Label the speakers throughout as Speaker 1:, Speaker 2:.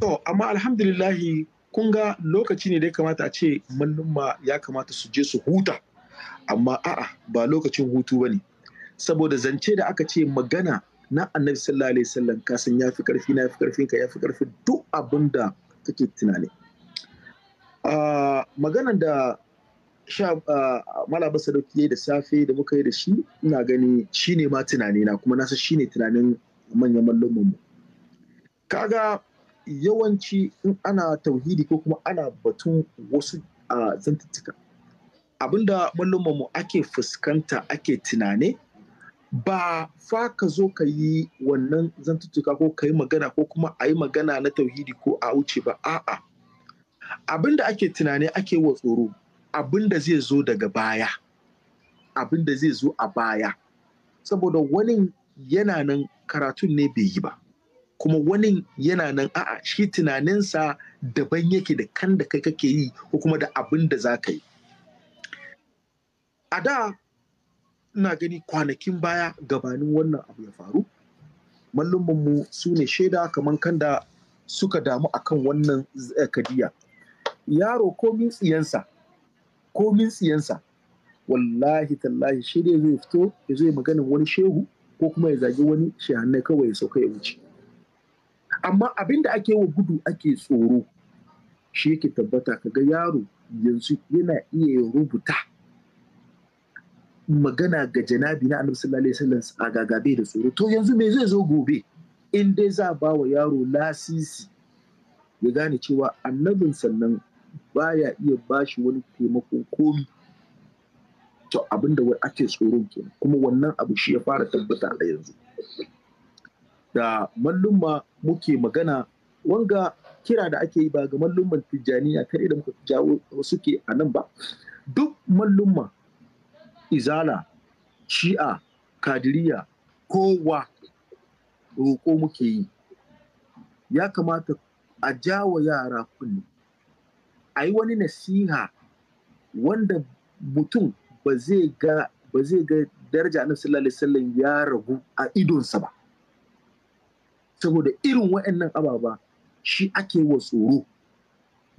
Speaker 1: To, amma alhamdulillahi kun ga lokaci ne da ya kamata a ce mallumma ya kamata su je su huta, amma a'a ba lokacin hutu ba ne. Saboda zance da aka ce magana na annabi sallallahu alaihi wasallam ka ya fi karfi na ya fi karfin ka ya fi karfi duk abin da kake tunani. maganan da sha malaba sadauki da safe da muka yi da shi ina gani shine ma tunani na kuma nasa shine tunanin manyan mallumman mu. Kaga yawanci in ana tauhidi ko kuma ana batun wasu a zantuttuka abinda mu ake fuskanta ake tunane ba fa ka zo ka yi wannan zantuttuka ko ka yi magana ko kuma a yi magana na tauhidi ko a wuce ba a'a abinda ake tunane ake wa tsoro abinda zai zo daga baya abinda zai zo a baya saboda wani yana nan karatun ne bai yi ba kuma wani yana nan a'a shi tunaninsa daban yake da kan da kai kake yi ko kuma da abin da za ka yi a da ina gani kwanakin baya gabanin wannan abu ya faru mu su ne shaida kamar kan da suka damu akan wannan eh, kadiya yaro komin tsiyansa komin tsiyansa wallahi tallahi zo zai fito ya zo magana wani shehu ko kuma ya zagi wani shehannai kawai ya sauka ya wuce amma abin da ake wa gudu ake tsoro shi yake tabbata ka ga yaro yanzu yana iya rubuta magana ga janabi na annabi sallallahu alaihi wasallam a gagabe da tsoro to yanzu me zai zo gobe in dai za ba wa yaro lasisi ya gane cewa annabin sannan baya iya bashi wani taimakon komi to abinda ake tsoron kenan kuma wannan abu shi ya fara tabbata a yanzu da mallumma muke magana wanga kira da ake yi ba ga mallumman tijjaniya kare da muka jawo suke a nan ba duk mallumma izala shi'a kadiriya kowa roƙo muke yi ya kamata a jawo yara kunne a yi wani nasiha wanda mutum ba zai ga daraja na sallallahu alaihi ya ragu a idonsa ba saboda irin wa'annan ababa shi ake wa tsoro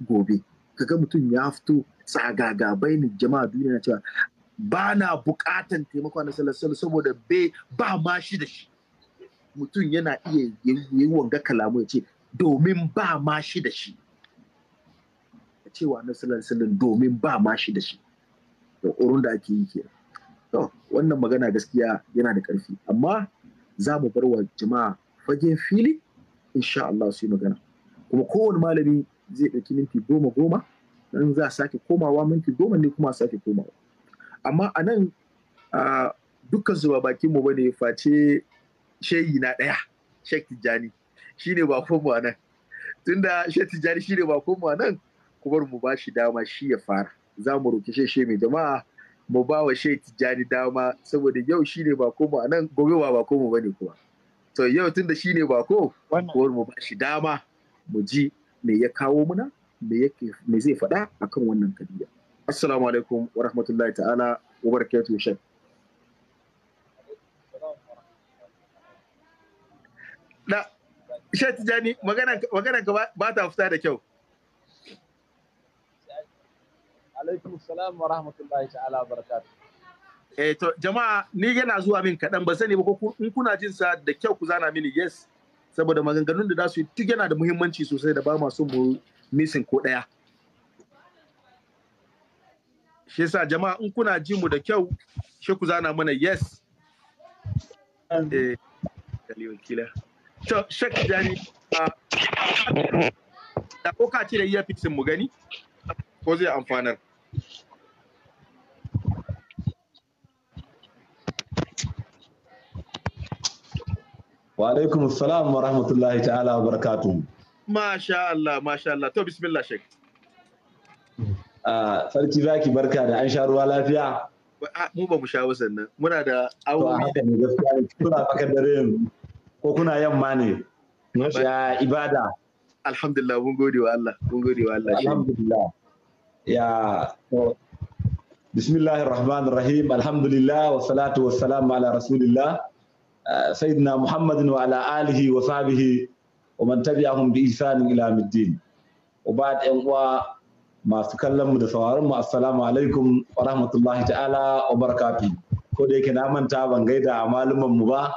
Speaker 1: gobe kaga mutum ya fito tsagaga ni jama'a duniya cewa ba na bukatan taimako na salasal saboda be ba ma shi da shi mutum yana iya yi wanga kalamu ya ce domin ba ma shi da shi A cewa na salasal domin ba ma shi da shi da urun da ake yi kenan wannan magana gaskiya yana da ƙarfi amma za mu bar wa jama'a fagen fili insha Allah su yi magana kuma kowane malami zai ɗauki minti goma goma nan za a sake komawa minti goma ne kuma a sake komawa amma a nan dukkan su ba bakin mu bane face shehi na ɗaya shek tijjani shine ba mu a nan tunda shek tijjani shine ba mu a nan kuma mu ba shi dama shi ya fara za mu roƙi sheshe mai jama'a mu ba wa shek tijjani dama saboda yau shine ba mu a nan gobe ba ba mu bane kuma so yau tun da shine ba ko kowar mu ba shi dama mu ji me ya kawo muna me zai faɗa akan wannan kadiya assalamu alaikum wa rahmatullahi ta'ala wa barakatuhu shek na shek tijani magana magana ka ba ta fita da kyau alaikum
Speaker 2: salam wa rahmatullahi ta'ala wa barakatuhu
Speaker 1: Eh, to jama'a ni yana zuwa min kaɗan ba sani ba ko in kuna jin sa da kyau ku zana mini yes saboda maganganun da za su yi duk yana da muhimmanci sosai da ba ma son mu missing ko ɗaya. Shi yasa jama'a in kuna ji mu da kyau shi ku zana mana yes. Eh, To, Shek Jani, da ko ka ce da iya mu gani ko zai amfanar. وعليكم السلام ورحمة الله تعالى وبركاته ما شاء الله ما شاء الله تو بسم الله شيخ
Speaker 3: آه فرتي باكي بركة آه، أن شاء الله لافيا
Speaker 1: مو بمشاوس إنه من هذا أو هذا من كل بكرين وكنا يوم ماني يا إبادة الحمد لله بنقولي والله بنقولي والله الحمد لله يا بسم الله الرحمن الرحيم الحمد لله والصلاة والسلام على رسول الله
Speaker 2: سيدنا محمد وعلى آله وصحبه ومن تبعهم بإحسان إلى يوم الدين وبعد أن masu kallon mu da sauraron mu assalamu alaikum wa rahmatullahi ta'ala wa ko da yake na manta ban gaida maluman mu ba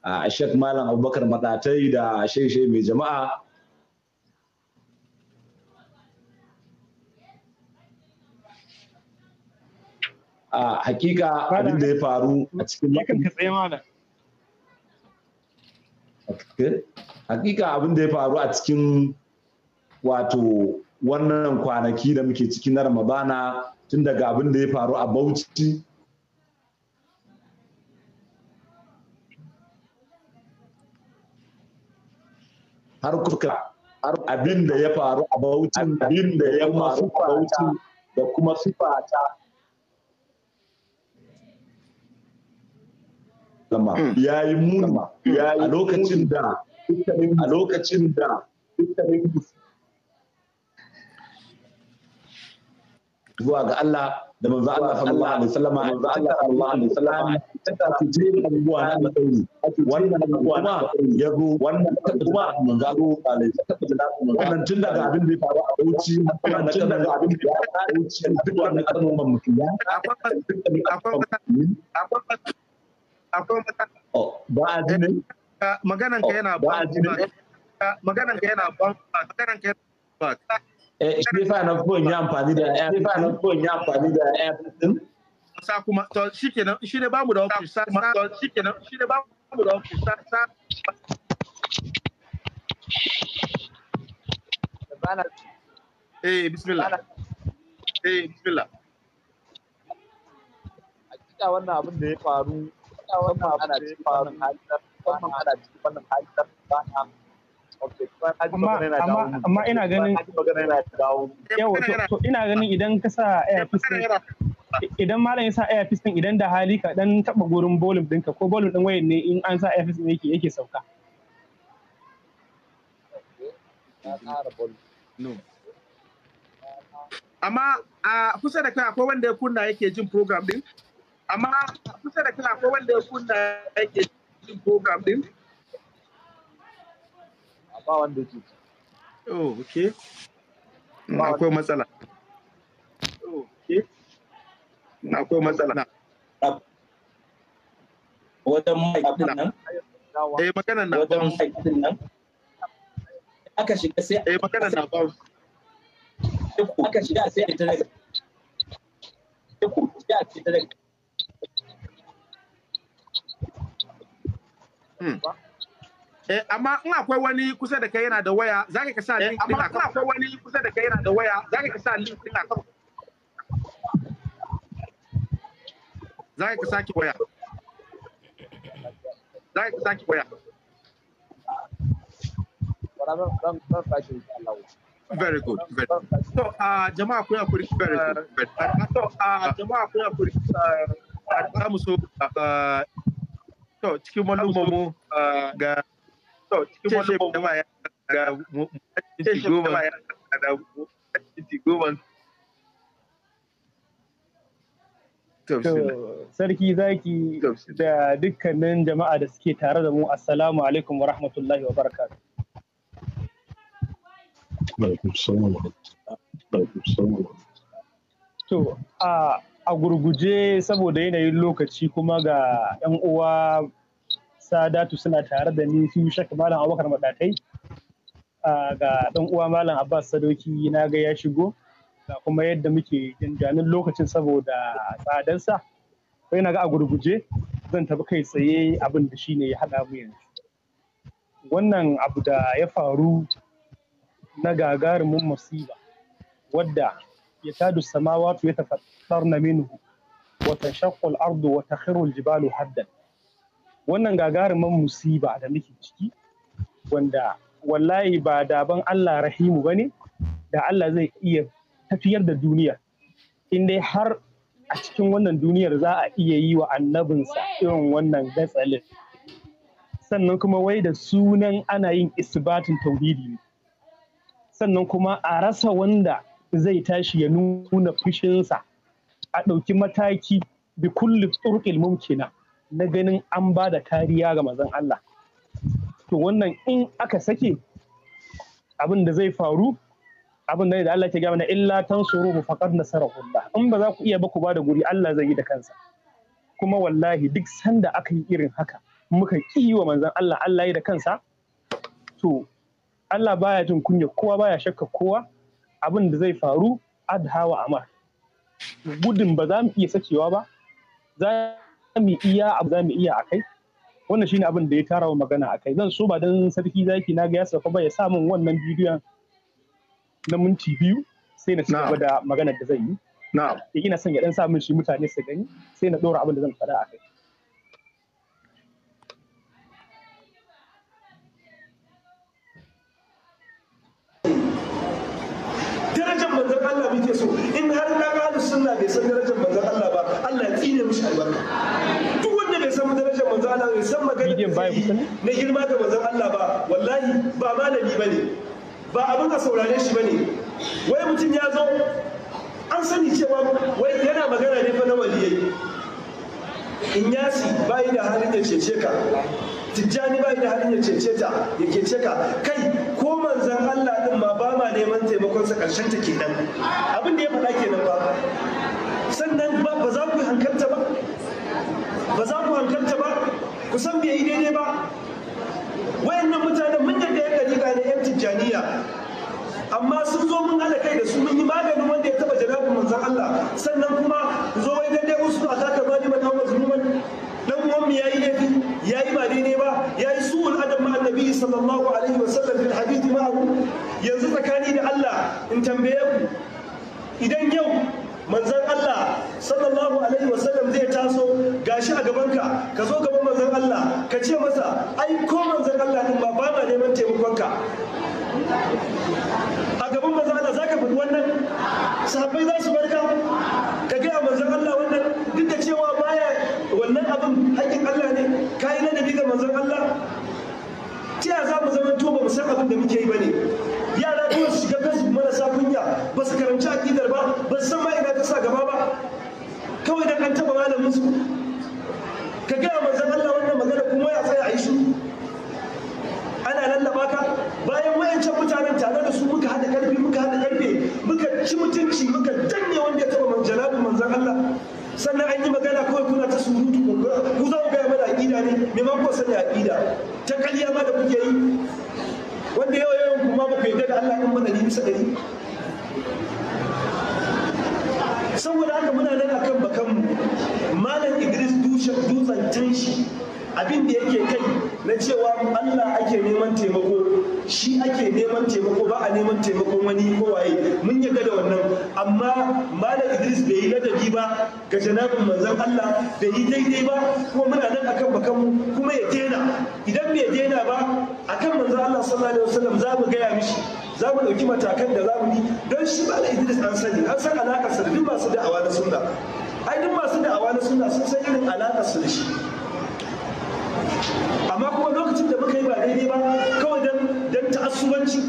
Speaker 2: a shek malam abubakar madatai da sheshe mai jama'a a hakika abin da ya faru a cikin hakika abin da ya faru a
Speaker 1: cikin wato wannan kwanaki da muke ciki na ramadana tun daga abin da ya faru a bauchi har kuka abin da ya faru a bauchi da kuma sifata sama mm. ya yi muni a lokacin da a lokacin da zuwa ga Allah da manzo Allah sallallahu alaihi wasallama manzo Allah sallallahu alaihi wasallama ta ta tafi abubuwa na alƙairi wannan abubuwa na ya zo wannan kuma manzo Allah wannan tun daga abin da ya faru a Bauchi wannan tun daga abin da ya faru a Bauchi duk wannan kalmomin mutum ya akwai matakin oh, ah, ah, oh, ah, maganan ka yana ba maganan ka yana ba maganan ka eh, yana ba
Speaker 2: Stefan of Bon ya amfani da air Stefan of Bon ya
Speaker 1: amfani da air din sa kuma to shikenan shi ne bamu da option sa to shikenan shi ne bamu da option sa sa Eh bismillah Eh bismillah Hakika wannan abin da ya faru musamman ana cikin wannan hali na
Speaker 2: amma ina ganin yawa eh, ina ganin idan ka sa eh, idan malam ya sa airpiece din idan da hali ka dan taba gurin bolum dinka ko bolum din wayan ne in an sa airpiece ne yake yake sauka amma a kusa da kai
Speaker 1: akwai wanda ya kunna yake jin program din amma kusa da kila ko wanda ya kunna yake cikin program din ba wanda ke oh, oh okay akwai matsala okay akwai matsala wajen ma'aikatan nan eh magana na wajen ma'aikatan nan aka shiga sai eh magana na ba aka shiga sai a tare da ku ya ci tare da Hmm. Eh, amma in akwai wani kusa da kai yana da waya za ka sa eh, link din akan akwai wani kusa da kai yana da waya za ka sa link din akan za ka saki waya za ka saki waya Very good. Very good. Eh, uh, so, uh, jama'a kun kuri. very good. Very good. So, uh, jama'a kun hakuri. Uh, to cikin ga
Speaker 2: Sarki zaki da dukkanin jama'a da suke tare da mu assalamu alaikum wa rahmatullahi wa barakatuh. To, a a gurguje saboda yanayin lokaci kuma ga 'yan uwa sadatu suna tare da ni su shak malam abubakar madatai ga ɗan uwa malam abbas sadoki na ga ya shigo ga kuma yadda muke jinjanin lokacin saboda tsadarsa sai na ga a gurguje zan tafi kai tsaye abin da shi ne ya haɗa mu yanzu wannan abu da ya faru na gagarumin musiba wadda يكاد السماوات يتفطرن منه وتنشق الأرض وتخر الجبال هدا wannan gagarumin musiba da muke ciki wanda wallahi ba daban Allah rahimu bane da Allah zai iya tafiyar da duniya in dai har a cikin wannan duniyar za a iya yi wa annabinsa irin wannan gatsalin sannan kuma wai da sunan ana yin isbatin tauhidi sannan kuma a rasa wanda zai tashi ya nuna fushinsa a ɗauki mataki bi kulli tsurƙil mumkina na ganin an ba da kariya ga mazan Allah. To wannan in aka sake abin da zai faru abin da Allah ke gama na illa tan tsoro mu faƙar nasarahullah in ba za ku iya ba ku ba da guri Allah zai yi da kansa. Kuma wallahi duk sanda aka yi irin haka muka ƙi wa manzan Allah Allah yi da kansa to Allah baya jin kunya kowa baya shakka kowa abin da zai faru adha wa amar gudun ba za mu iya sakewa ba za mu iya abu za mu iya kai wannan shine abin da ya tara magana a kai. zan so ba dan sarki zaki na ga ya sauka ba ya sa min wannan bidiyon na minti biyu sai na ci gaba da maganar da zan yi na'am eh, na son ya dan sa min shi mutane su gani sai na dora abin da zan faɗa
Speaker 3: a kai. Allah muke so in har ga da sunna bai san darajar manzon Allah ba Allah ya tsine mishi albarka duk wanda bai san darajar manzon Allah bai san magana na girma ga manzon Allah ba wallahi ba malami bane ba abin a saurare shi bane wai mutum ya zo an sani cewa wai yana magana ne fa na waliyai in yasi bai da halin ya cece ka tijjani bai da halin ya cece ta ya cece ka kai manzan Allah din ma ba ma neman taimakon sa ƙarshen ta kenan abin da ya faɗa kenan ba sannan ba za ku hankalta ba ba za ku hankalta ba ku san bai yi daidai ba wayannan mutanen mun yadda ya dariƙa ne yan tijjaniya amma sun zo mun haɗa kai da su mun yi maganin wanda ya taɓa jarabin manzan Allah sannan kuma ku zo wai daidai wasu a taka zaliman hawa zuluman dan uwan mu yayi laifi yayi ba daidai ba yayi su sallallahu alaihi wasallam fil hadithi ma'ahu yanzu tsakani da Allah in tambaye ku idan yau manzon Allah sallallahu alaihi wasallam zai taso gashi a gabanka ka zo gaban manzon Allah ka ce masa ai ko manzon Allah din ba ba na neman taimakonka a gaban manzon Allah zaka faɗi wannan sahabbai za su to ba mu san abin da muke yi bane yara dole su janabin manzon Allah bai yi daidai ba kuma muna nan akan bakan mu kuma ya daina idan bai daina ba akan manzon Allah sallallahu alaihi wasallam za mu gaya mishi za mu ɗauki matakan da za mu yi don shi ba da Idris an sani an san alaka sa duk masu da'awa na sunna ai duk masu da'awa na sunna sun san irin alaka su da shi amma kuma lokacin da muka yi ba daidai ba kawai dan dan ta'assubanci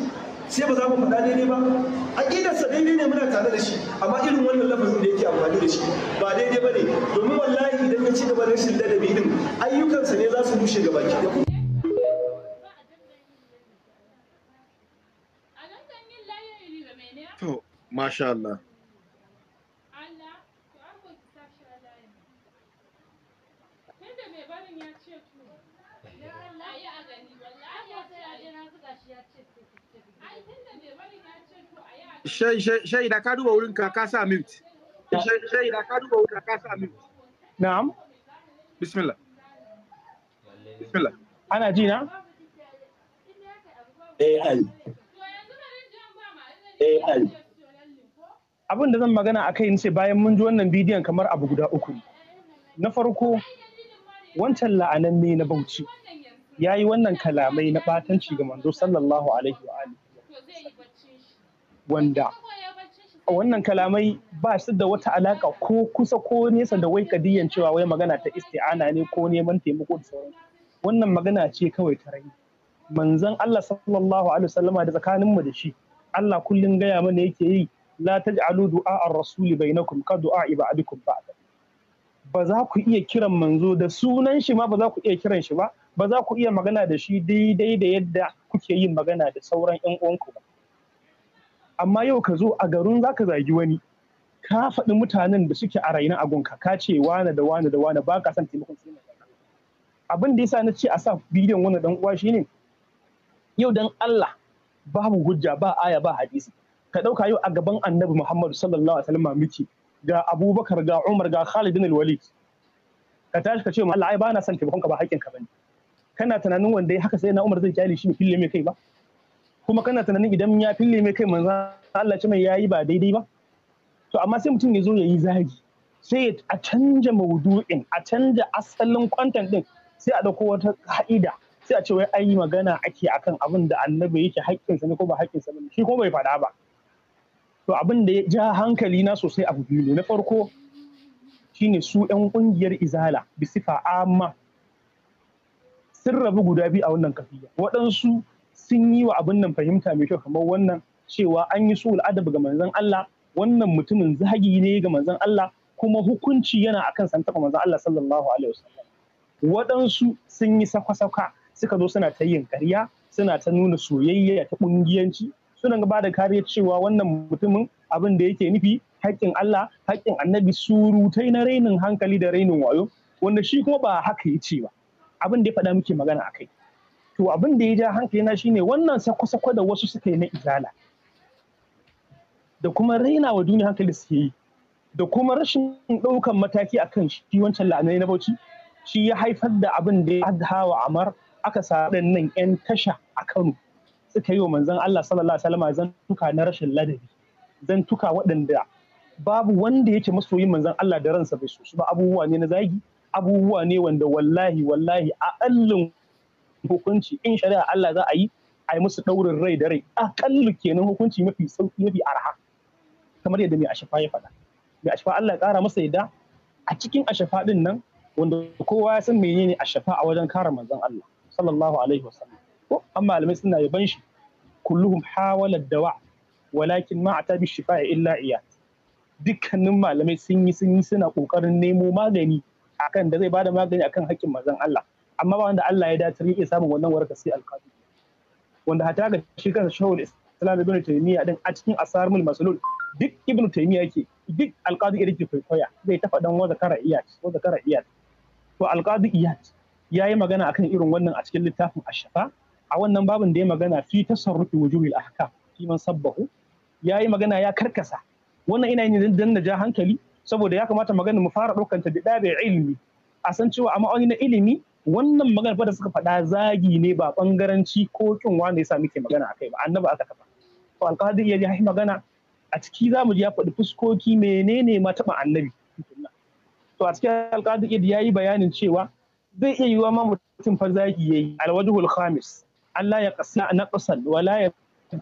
Speaker 3: sai ba za mu faɗa daidai ba sa daidai ne muna tare da shi amma irin wannan lafazin da yake amfani da shi ba daidai ba ne domin wallahi idan ya ci gaba da rashin ladabi din ayyukansa ne za su rushe gaba ki
Speaker 1: To, masha shaida ka duba wurin ka sa mute shaida ka duba wurin ka sa mute
Speaker 2: na'am bismillah bismillah ana ji na ai ai abin da zan magana a kai ce bayan mun ji wannan bidiyon kamar abu guda uku na farko wancan la'ananne na bauchi ya yi wannan kalamai na batanci ga manzo sallallahu alaihi wa wanda wannan kalamai ba su da wata alaka ko kusa ko nesa da wai kadiyan cewa wai magana ta isti'ana ne ko neman taimako da sauran wannan magana ce kawai ta rai manzon Allah sallallahu alaihi wasallama da tsakanin mu da shi Allah kullun gaya mana yake yi la taj'alu du'a ar-rasuli bainakum ka du'a ibadikum ba'da ba za ku iya kiran manzo da sunan shi ma ba za ku iya kiran shi ba ba za ku iya magana da shi daidai da yadda kuke yin magana da sauran 'yan uwanku ba amma yau ka zo a garin zaka zagi wani ka faɗi mutanen da suke a raina agunka ka ce wane da wane da wane ba ka san taimakon ne abin da yasa na ce a sa bidiyon wannan dan uwa shine yau dan Allah babu hujja ba aya ba hadisi ka ɗauka yau a gaban annabi Muhammadu sallallahu alaihi wasallam miki ga Abubakar ga Umar ga Khalid bin Walid ka tashi ka ce ma Allah ai ba na son taimakon ka ba haƙƙin ka bane kana tunanin wanda ya haka sai na Umar zai kyale shi ne fille mai kai ba kuma kana tunanin idan ya fille mai kai manzo Allah ce mai yayi ba daidai ba to amma sai mutum ya zo ya yi zagi sai a canja maudu'in a canja asalin kwantan din sai a dauko wata ka'ida sai a ce wai ai magana ake akan abin da annabi yake haƙƙinsa ne ko ba haƙƙinsa ne shi ko bai faɗa ba to abin da ya ja hankali na sosai a biyu na farko shine su 'yan ƙungiyar izala bisifa amma sun rabu guda biyu a wannan kafiya waɗansu sun yi wa abin nan fahimta mai kyau kamar wannan cewa an yi su adab ga manzon Allah wannan mutumin zagi ne ga manzon Allah kuma hukunci yana akan san taka manzon Allah sallallahu alaihi wasallam waɗansu sun yi sakwa-sakwa suka zo suna ta yin karya, suna ta nuna soyayya ta ƙungiyanci suna ba da kariya cewa wannan mutumin abin da yake nufi haƙƙin Allah haƙƙin annabi surutai na rainin hankali da rainin wayo wanda shi kuma ba haka ya ce ba abin da ya faɗa muke magana a kai to abin da ya ja hankalina shine wannan sako-sako da wasu suka yi na izala da kuma raina wa duniya hankali suke yi da kuma rashin ɗaukan mataki akan shi wancan la'anai na bauchi shi ya haifar da abin da ya hawa amar aka sa nan 'yan tasha a kano suka yi wa manzon Allah sallallahu alaihi wasallam tuka na rashin ladabi tuka waɗanda babu wanda yake masoyin manzon Allah da ransa bai so su ba abubuwa ne na zagi abubuwa ne wanda wallahi wallahi a allin hukunci in shari'a Allah za a yi a yi musu ɗaurin rai da rai aƙalla kenan hukunci mafi sauƙi mafi arha kamar yadda mai ashafa ya faɗa mai ashafa Allah ya ƙara masa yadda a cikin ashafa ɗin nan wanda kowa ya san menene ashafa a wajen kare manzon Allah sallallahu alaihi wasallam ko an malamai suna yaban shi kulluhum hawala dawa walakin ma ta bi shifa'i illa iya dukkanin malamai sun yi sun yi suna kokarin nemo magani akan da zai bada magani akan hakkin manzon Allah amma ba wanda Allah ya dace yake samun wannan waraka sai alƙadi wanda hata ga shi kansa shawul islam ibn taymiya din a cikin asarmul maslul duk ibn taymiya yake duk alƙadi yake kwaikwaya zai ta faɗan wa zakara iyat wa zakara iyat to alƙadi iyat yayi magana akan irin wannan a cikin littafin ashafa a wannan babin da ya magana fi tasarrufi wujuhil ahkam fi man sabbahu yayi magana ya karkasa wannan ina yin dan na ja hankali saboda ya kamata magana mu fara ɗaukanta da ɗabe ilimi a san cewa a na ilimi wannan magana da suka faɗa zagi ne ba bangaranci ko kin wanda yasa muke magana akai ba annabi aka kafa to alƙadi ya ji magana a ciki za mu ji ya faɗi fuskoki menene ma taɓa annabi to a cikin alƙadi ya yi bayanin cewa zai iya yiwa ma mutum fa zagi yayi alwajhul khamis Allah ya kasa qasal wala ya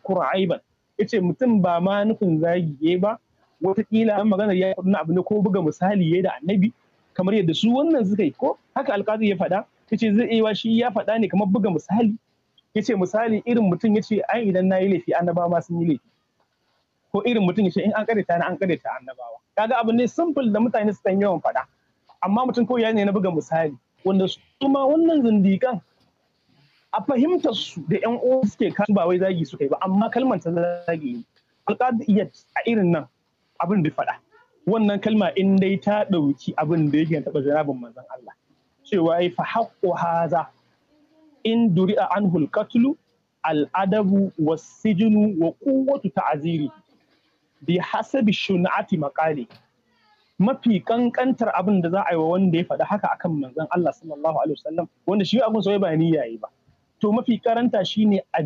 Speaker 2: kura aiban yace mutum ba ma nufin zagi yayi ba wataƙila an magana ya faɗi abu ne ko buga misali yayi da annabi kamar yadda su wannan suka yi ko haka alƙadi ya faɗa ta ce zai iya shi ya faɗa ne kamar buga misali ya ce misali irin mutum ya ce ai idan na yi laifi annabawa ma sun yi laifi ko irin mutum ya ce in an karyata na an karyata annabawa kaga abu ne simple da mutane su san yawan faɗa amma mutum ko ya ne na buga misali wanda su ma wannan zindikan a fahimtar su da yan uwa suke kasu ba wai zagi su yi ba amma kalmar ta zagi ne alƙadiyat a irin nan abin da faɗa wannan kalma in dai ta ɗauki abin da yake taɓa jarabin manzon Allah cewa fa haƙo haza in duri'a anhu al-qatlu wa adabu wa quwwatu ta'ziri bi hasabi shun'ati maƙali. mafi ƙanƙantar abin da za a yi wa wanda ya faɗi haka akan manzon Allah sallallahu alaihi wasallam wanda shi abin sai ba niyya yi ba to mafi karanta shine a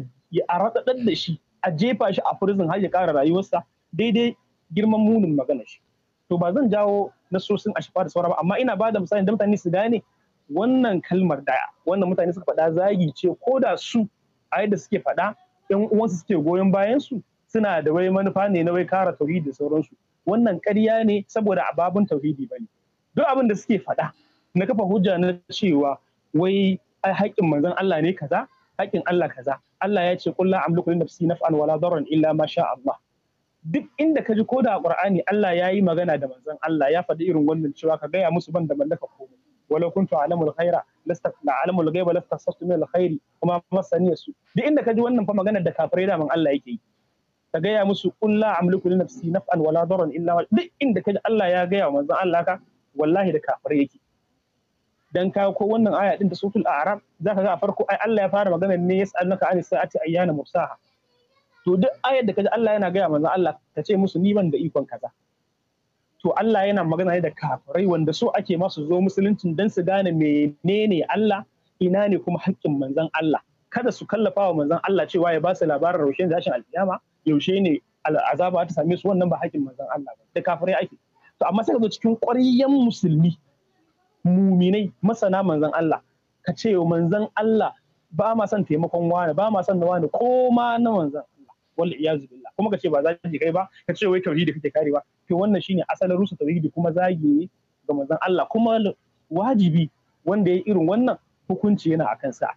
Speaker 2: raɗaɗar da shi a jefa shi a prison har ya ƙara rayuwarsa daidai girman munin magana shi to ba zan jawo nasosin a shafa da saura ba amma ina ba da misali da mutane su gane wannan kalmar da wannan mutane suka faɗa zagi ce ko da su a yadda suke faɗa yan uwansu suke goyon bayan su suna da wai manufa ne na wai kara tauhidi da sauransu wannan ƙarya ne saboda ababun tauhidi bane duk abin da suke faɗa na kafa hujja na cewa wai haƙƙin manzon Allah ne kaza haƙƙin Allah kaza Allah ya ce kullu amliku nafsi naf'an wala darran illa ma sha Allah duk inda ka ji ko da Qur'ani Allah ya yi magana da manzon Allah ya faɗi irin wannan cewa ka gaya musu ban da mallaka komai walau kuntu alamul ghaira lasta alamul ghaiba lasta sastu min alkhairi kuma masani su duk inda kaji wannan fa maganar da kafirai da man Allah yake yi ka gaya musu qul la amliku li nafsi naf'an wala darran illa duk inda kaji Allah ya gaya wa manzon Allah ka wallahi da kafirai yake dan ka ko wannan aya din ta suratul a'raf zaka ga a farko ai Allah ya fara magana ne yas'alunaka anis sa'ati ayyana mursaha to duk ayar da kaji Allah yana gaya manzon Allah ka ce musu ni ban da ikon kaza to Allah yana magana ne da kafirai wanda so ake masu zo musuluncin don su gane menene Allah ina ne kuma haƙƙin manzon Allah kada su kallafa wa manzon Allah cewa ya ba su labarin rushe da tashin alƙiyama yaushe ne azaba ta same su wannan ba haƙƙin manzon Allah ba da kafirai ake to amma sai ka zo cikin ƙwariyan musulmi muminai masana manzon Allah ka ce manzan Allah ba ma son taimakon wani ba ma son na wani ko ma na manzon wal iyazu billah kuma kace ba zagi kai ba kace wai tauhidi kake karewa to wannan shine asalin rusa tauhidi kuma zagi ga manzon Allah kuma wajibi wanda ya irin wannan hukunci yana akan sa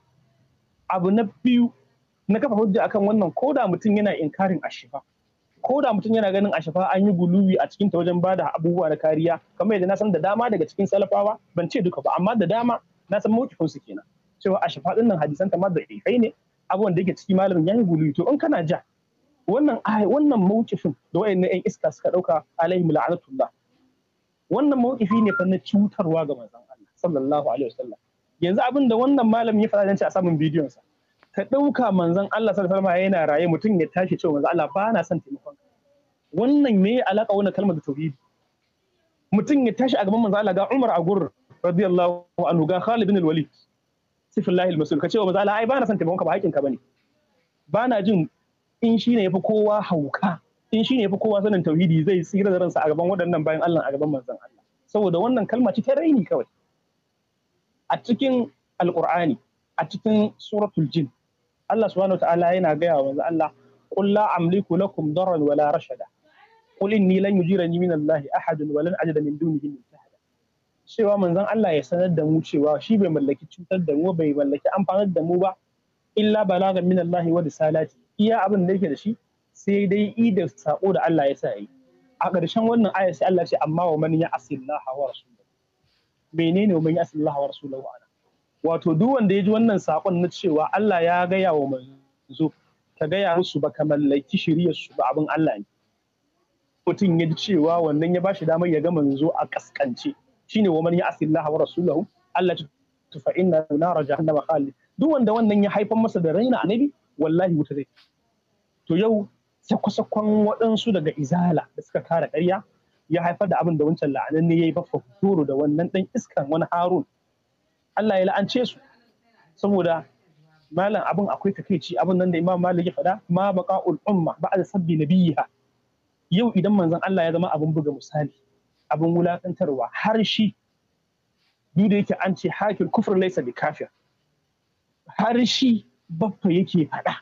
Speaker 2: abu na biyu na kafa hujja akan wannan ko da mutum yana inkarin ashifa ko da mutum yana ganin ashifa an yi guluwi a cikin ta wajen bada abubuwa na kariya kamar yadda na san da dama daga cikin salafawa ban ce duka ba amma da dama na san mawkifin su kenan cewa ashifa din nan hadisan ta ma ne abubuwan da yake ciki malamin ya yi guluwi to in kana ja wannan ai wannan mawqifin da wayannan ƴan iska suka dauka alaihim la'anatullah wannan mawqifi ne fa na cutarwa ga manzon Allah sallallahu alaihi wasallam yanzu abin da wannan malam ya faɗa dance a samun bidiyon sa ka dauka manzon Allah sallallahu alaihi wasallam yana raye mutum ya tashi cewa manzon Allah ba na son taimakon wannan me alaka wannan kalmar da tauhidi mutum ya tashi a gaban manzon Allah ga Umar a gur radiyallahu anhu ga Khalid bin al-Walid sifillahi al-masul ka ce wa manzon Allah ai ba na son taimakon ka ba haƙin ka bane ba na jin in shi ne ya fi kowa hauka in shi ne ya fi kowa sanin tauhidi zai tsira da ransa a gaban waɗannan bayan Allah a gaban manzon Allah saboda wannan kalma ce ta raini kawai a cikin alqur'ani a cikin suratul jin Allah subhanahu ta'ala yana gaya wa manzon Allah qul la amliku lakum darran wala rashada qul inni lan yujirani min Allah ahad wa lan ajida min dunihi mutahada cewa manzon Allah ya sanar da mu cewa shi bai mallaki cutar da mu bai mallaki amfanar da mu ba illa balagan min Allah wa risalati iya abin da yake da shi sai dai i da sako da Allah ya sa yi a ƙarshen wannan aya sai Allah ce amma wa man ya'sillaha wa rasulahu menene wa man ya'sillaha wa rasulahu ana wato duk wanda ya ji wannan sakon na cewa Allah ya gaya wa manzo ka gaya musu ba kamar laiki shiriyar su ba abin Allah ne mutum ya ji cewa wannan ya bashi damar ya ga manzo a kaskance shine wa man ya'sillaha wa rasulahu Allah ta tufa inna nara jahannama khalid duk wanda wannan ya haifar masa da raina annabi wallahi wuta zai to yau sakwasakon waɗansu daga izala da suka kara ƙarya ya haifar da abin da wancan la'anan ne ya yi baffa doro da wannan ɗan iskan wani harun Allah ya la'ance su saboda malam abin akwai takaici abin nan da imam malik ya faɗa ma baqa'ul umma ba'da sabbi nabiyha yau idan manzon Allah ya zama abin buga misali abin wulakantarwa har shi duk da yake an ce hakil kufur laisa bi kafir har shi baffa yake faɗa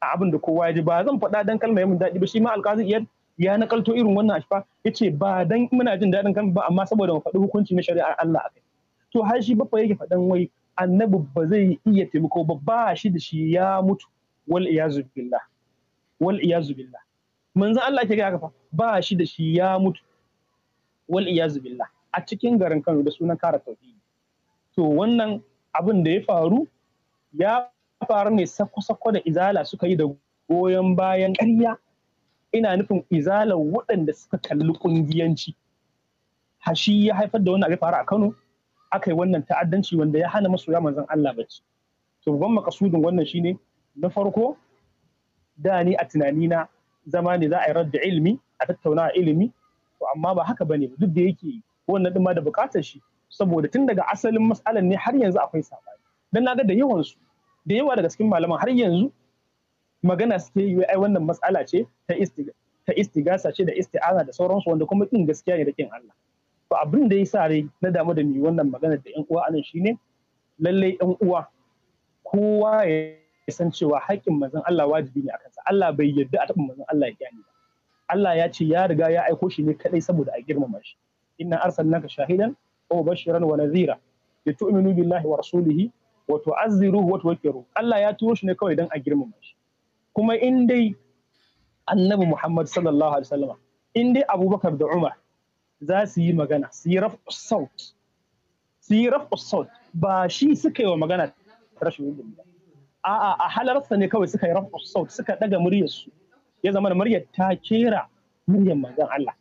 Speaker 2: a abin da kowa ya ji ba zan faɗa dan kalma mun daɗi ba shi ma alƙazi iyad ya nakalto irin wannan ya ce ba dan muna jin daɗin kalma ba amma saboda mu faɗi hukunci na shari'ar Allah akai to har shi bafa yake faɗan wai annabi ba zai iya taimako ba ba shi da shi ya mutu wal iyazu billah wal iyazu billah manzon Allah ke ga kafa ba shi da shi ya mutu wal iyazu billah a cikin garin Kano da sunan kara tauhidi to wannan abin da ya faru ya faru ne sako-sako da izala suka yi da goyon bayan ƙarya ina nufin izala waɗanda suka kalli ƙungiyanci hashi ya haifar da wani abu faru a kano aka yi wannan ta'addanci wanda ya hana masoya manzon Allah bacci to babban makasudin wannan shine na farko da ni a tunani na zama ne za a yi radda ilimi a tattauna ilimi to amma ba haka bane duk da yake wannan din ma da bukatar shi saboda tun daga asalin mas'alan ne har yanzu akwai sabani dan naga da yawan su da yawa daga cikin malaman har yanzu magana suke yi ai wannan matsala ce ta istiga ta istigasa ce da isti'ana da sauransu wanda kuma kin gaskiya ne da kin Allah to abin da yasa rai, na damu da mi wannan magana da yan uwa anan shine lalle yan uwa kowa ya san cewa haƙƙin manzon Allah wajibi ne akan sa Allah bai yarda a taɓa manzon Allah ya kyani ba Allah ya ce ya riga ya aiko shi ne kadai saboda a girmama shi inna arsalnaka shahidan wa mubashiran wa nadhira litu'minu billahi wa rasulihi wato azziruhu wato wakiru Allah ya turo shi ne kawai don a girmama shi kuma in dai annabi Muhammad sallallahu alaihi in dai Abubakar da Umar za su yi magana su yi raf'u saut su yi saut ba shi suka yi wa magana rashin yin ba a a halarsa ne kawai suka yi raf'u saut suka daga muryarsu ya zama da muryar ta kera muryar manzon Allah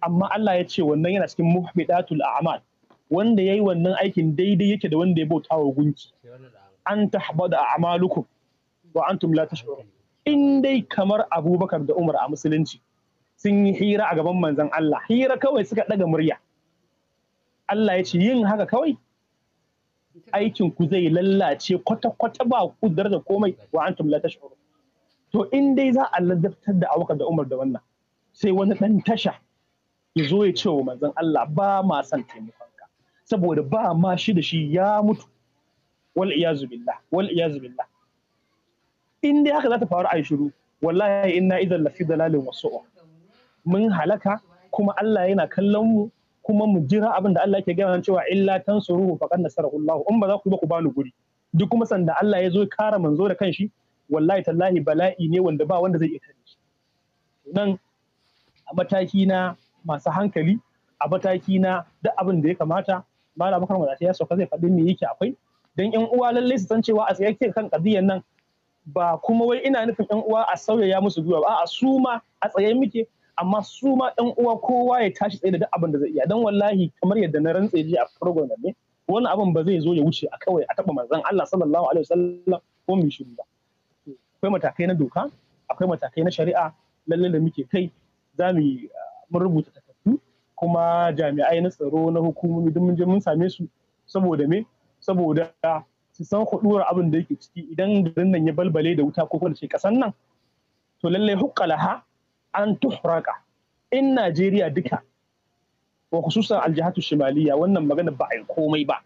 Speaker 2: amma Allah ya ce wannan yana cikin muhbidatul a'mal wanda ya yi wannan aikin daidai yake da wanda ya bauta wa gunki an tahbada a'malukum wa antum la tash'urun in dai kamar Abubakar da Umar a musulunci sun yi hira a gaban manzon Allah hira kawai suka ɗaga murya Allah ya ce yin haka kawai aikin ku zai lallace kwata-kwata ba ku da komai wa antum la tash'urun to in dai za a ladabtar da Abubakar da Umar da wannan sai wani ɗan tasha ya zo ya ce wa manzon Allah ba ma son taimako saboda ba ma shi da shi ya mutu wal iyazu billah wal in dai haka za ta faru a shiru wallahi inna idan lafi dalalin wasu. mun halaka kuma Allah yana kallon mu kuma mu jira abin da Allah yake gaya mana cewa illa tansuruhu faqad nasarahu Allah in ba za ku ba ku bani guri duk kuma sanda Allah ya zo kara manzo da kanshi wallahi tallahi bala'i ne wanda ba wanda zai iya tare shi nan a mataki na masu hankali a mataki na duk abin da ya kamata malam bakar wadace ya sauka zai faɗi me yake akwai dan yan uwa lalle su san cewa a tsaye kan kadiyan nan ba kuma wai ina nufin yan uwa a sauyaya musu gwiwa ba a su ma a tsaye muke amma su ma yan uwa kowa ya tashi tsaye da duk abin da zai iya dan wallahi kamar yadda na rantse ji a program ne wannan abin ba zai zo ya wuce a kawai a taba manzon Allah sallallahu alaihi wasallam ko mu shiru ba akwai matakai na doka akwai matakai na shari'a lallai da muke kai za mu ah, mun rubuta kuma jami'ai na tsaro na hukumomi don je mun same su saboda me saboda su san hudurar abin da yake ciki idan garin nan ya balbale da wuta ko kuma ce kasan nan to lalle hukkalaha an tuhraka in Najeriya duka wa khususan aljihatu shimaliya wannan magana ba a komai ba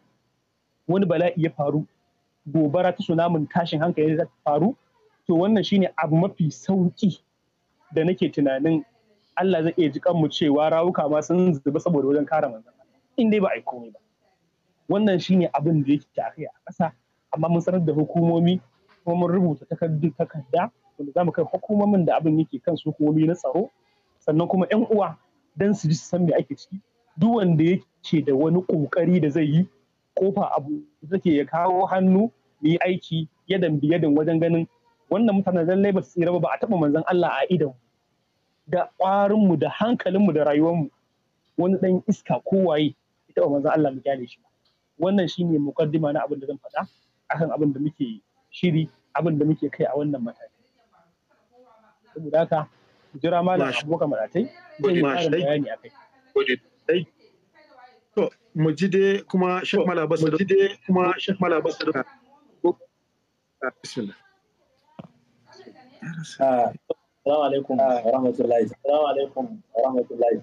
Speaker 2: wani bala'i ya faru gobara ta namun tashin hankali ta faru to wannan shine abu mafi sauki da nake tunanin Allah zai iya ji kanmu cewa rawuka ma sun zuba saboda wajen kare manzon in dai ba a yi komai ba wannan shine abin da yake a kai a ƙasa amma mun sanar da hukumomi kuma mun rubuta takarda wanda zamu kai hukumomin da abin yake kan su hukumomi na tsaro sannan kuma yan uwa dan su ji su san me ake ciki duk wanda yake da wani kokari da zai yi kofa abu zake ya kawo hannu yi aiki yadan biyadan wajen ganin wannan mutanen lallai ba su tsira ba a taɓa manzon Allah a idan da ƙwarinmu da hankalinmu da rayuwarmu wani ɗan iska kowaye ita wa manzan Allah mu gyale shi wannan shi ne mukaddima na abin da zan faɗa akan abin da muke shiri abin da muke kai a wannan mataki saboda haka jira malam abubakar maratai zai yi ƙarin bayani
Speaker 1: a kai to mu ji dai kuma shek malabasa ji dai kuma shek da ah, bismillah ah, ah, Assalamu alaikum ah, wa rahmatullahi. Assalamu alaikum wa rahmatullahi.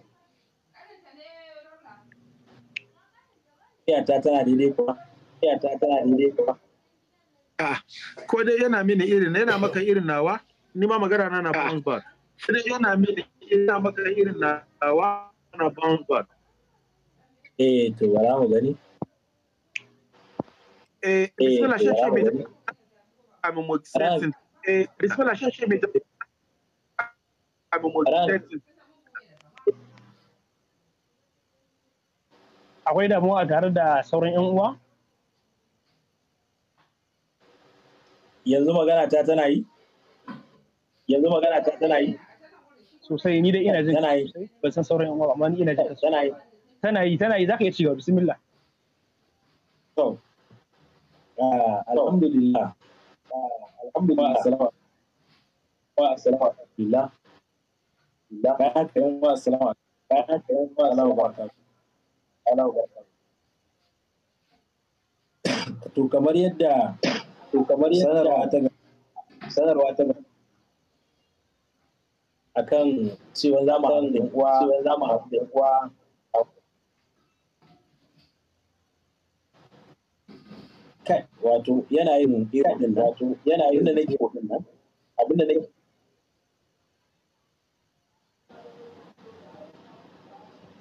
Speaker 1: Iyata tana daidai kuwa. Iyata tana kuwa. Ah, ko dai yana mini irin yana maka irin nawa ni ma magana na na bounce back. yana mini yana maka irin nawa na bounce back. Eh to bara mu gani. Eh, eh, eh bismillah shashe mai da mu Eh, bismillah da
Speaker 2: Akwai damuwa tare da sauran 'yan uwa? Yanzu magana ta tana yi? Yanzu magana ta tana yi? Sosai ni da ina jin tana yi. Ban san sauran 'yan uwa amma ni ina jin tana yi. Tana yi tana yi ka iya cewa bismillah. To.
Speaker 1: Ah, alhamdulillah. Ah, alhamdulillah. Wa assalamu alaikum. bayan ka wa to kamar yadda to kamar yadda ta sanarwa ta akan cewa za da uwa cewa za kai wato yana yin irin wato yana yin da nake abin da nake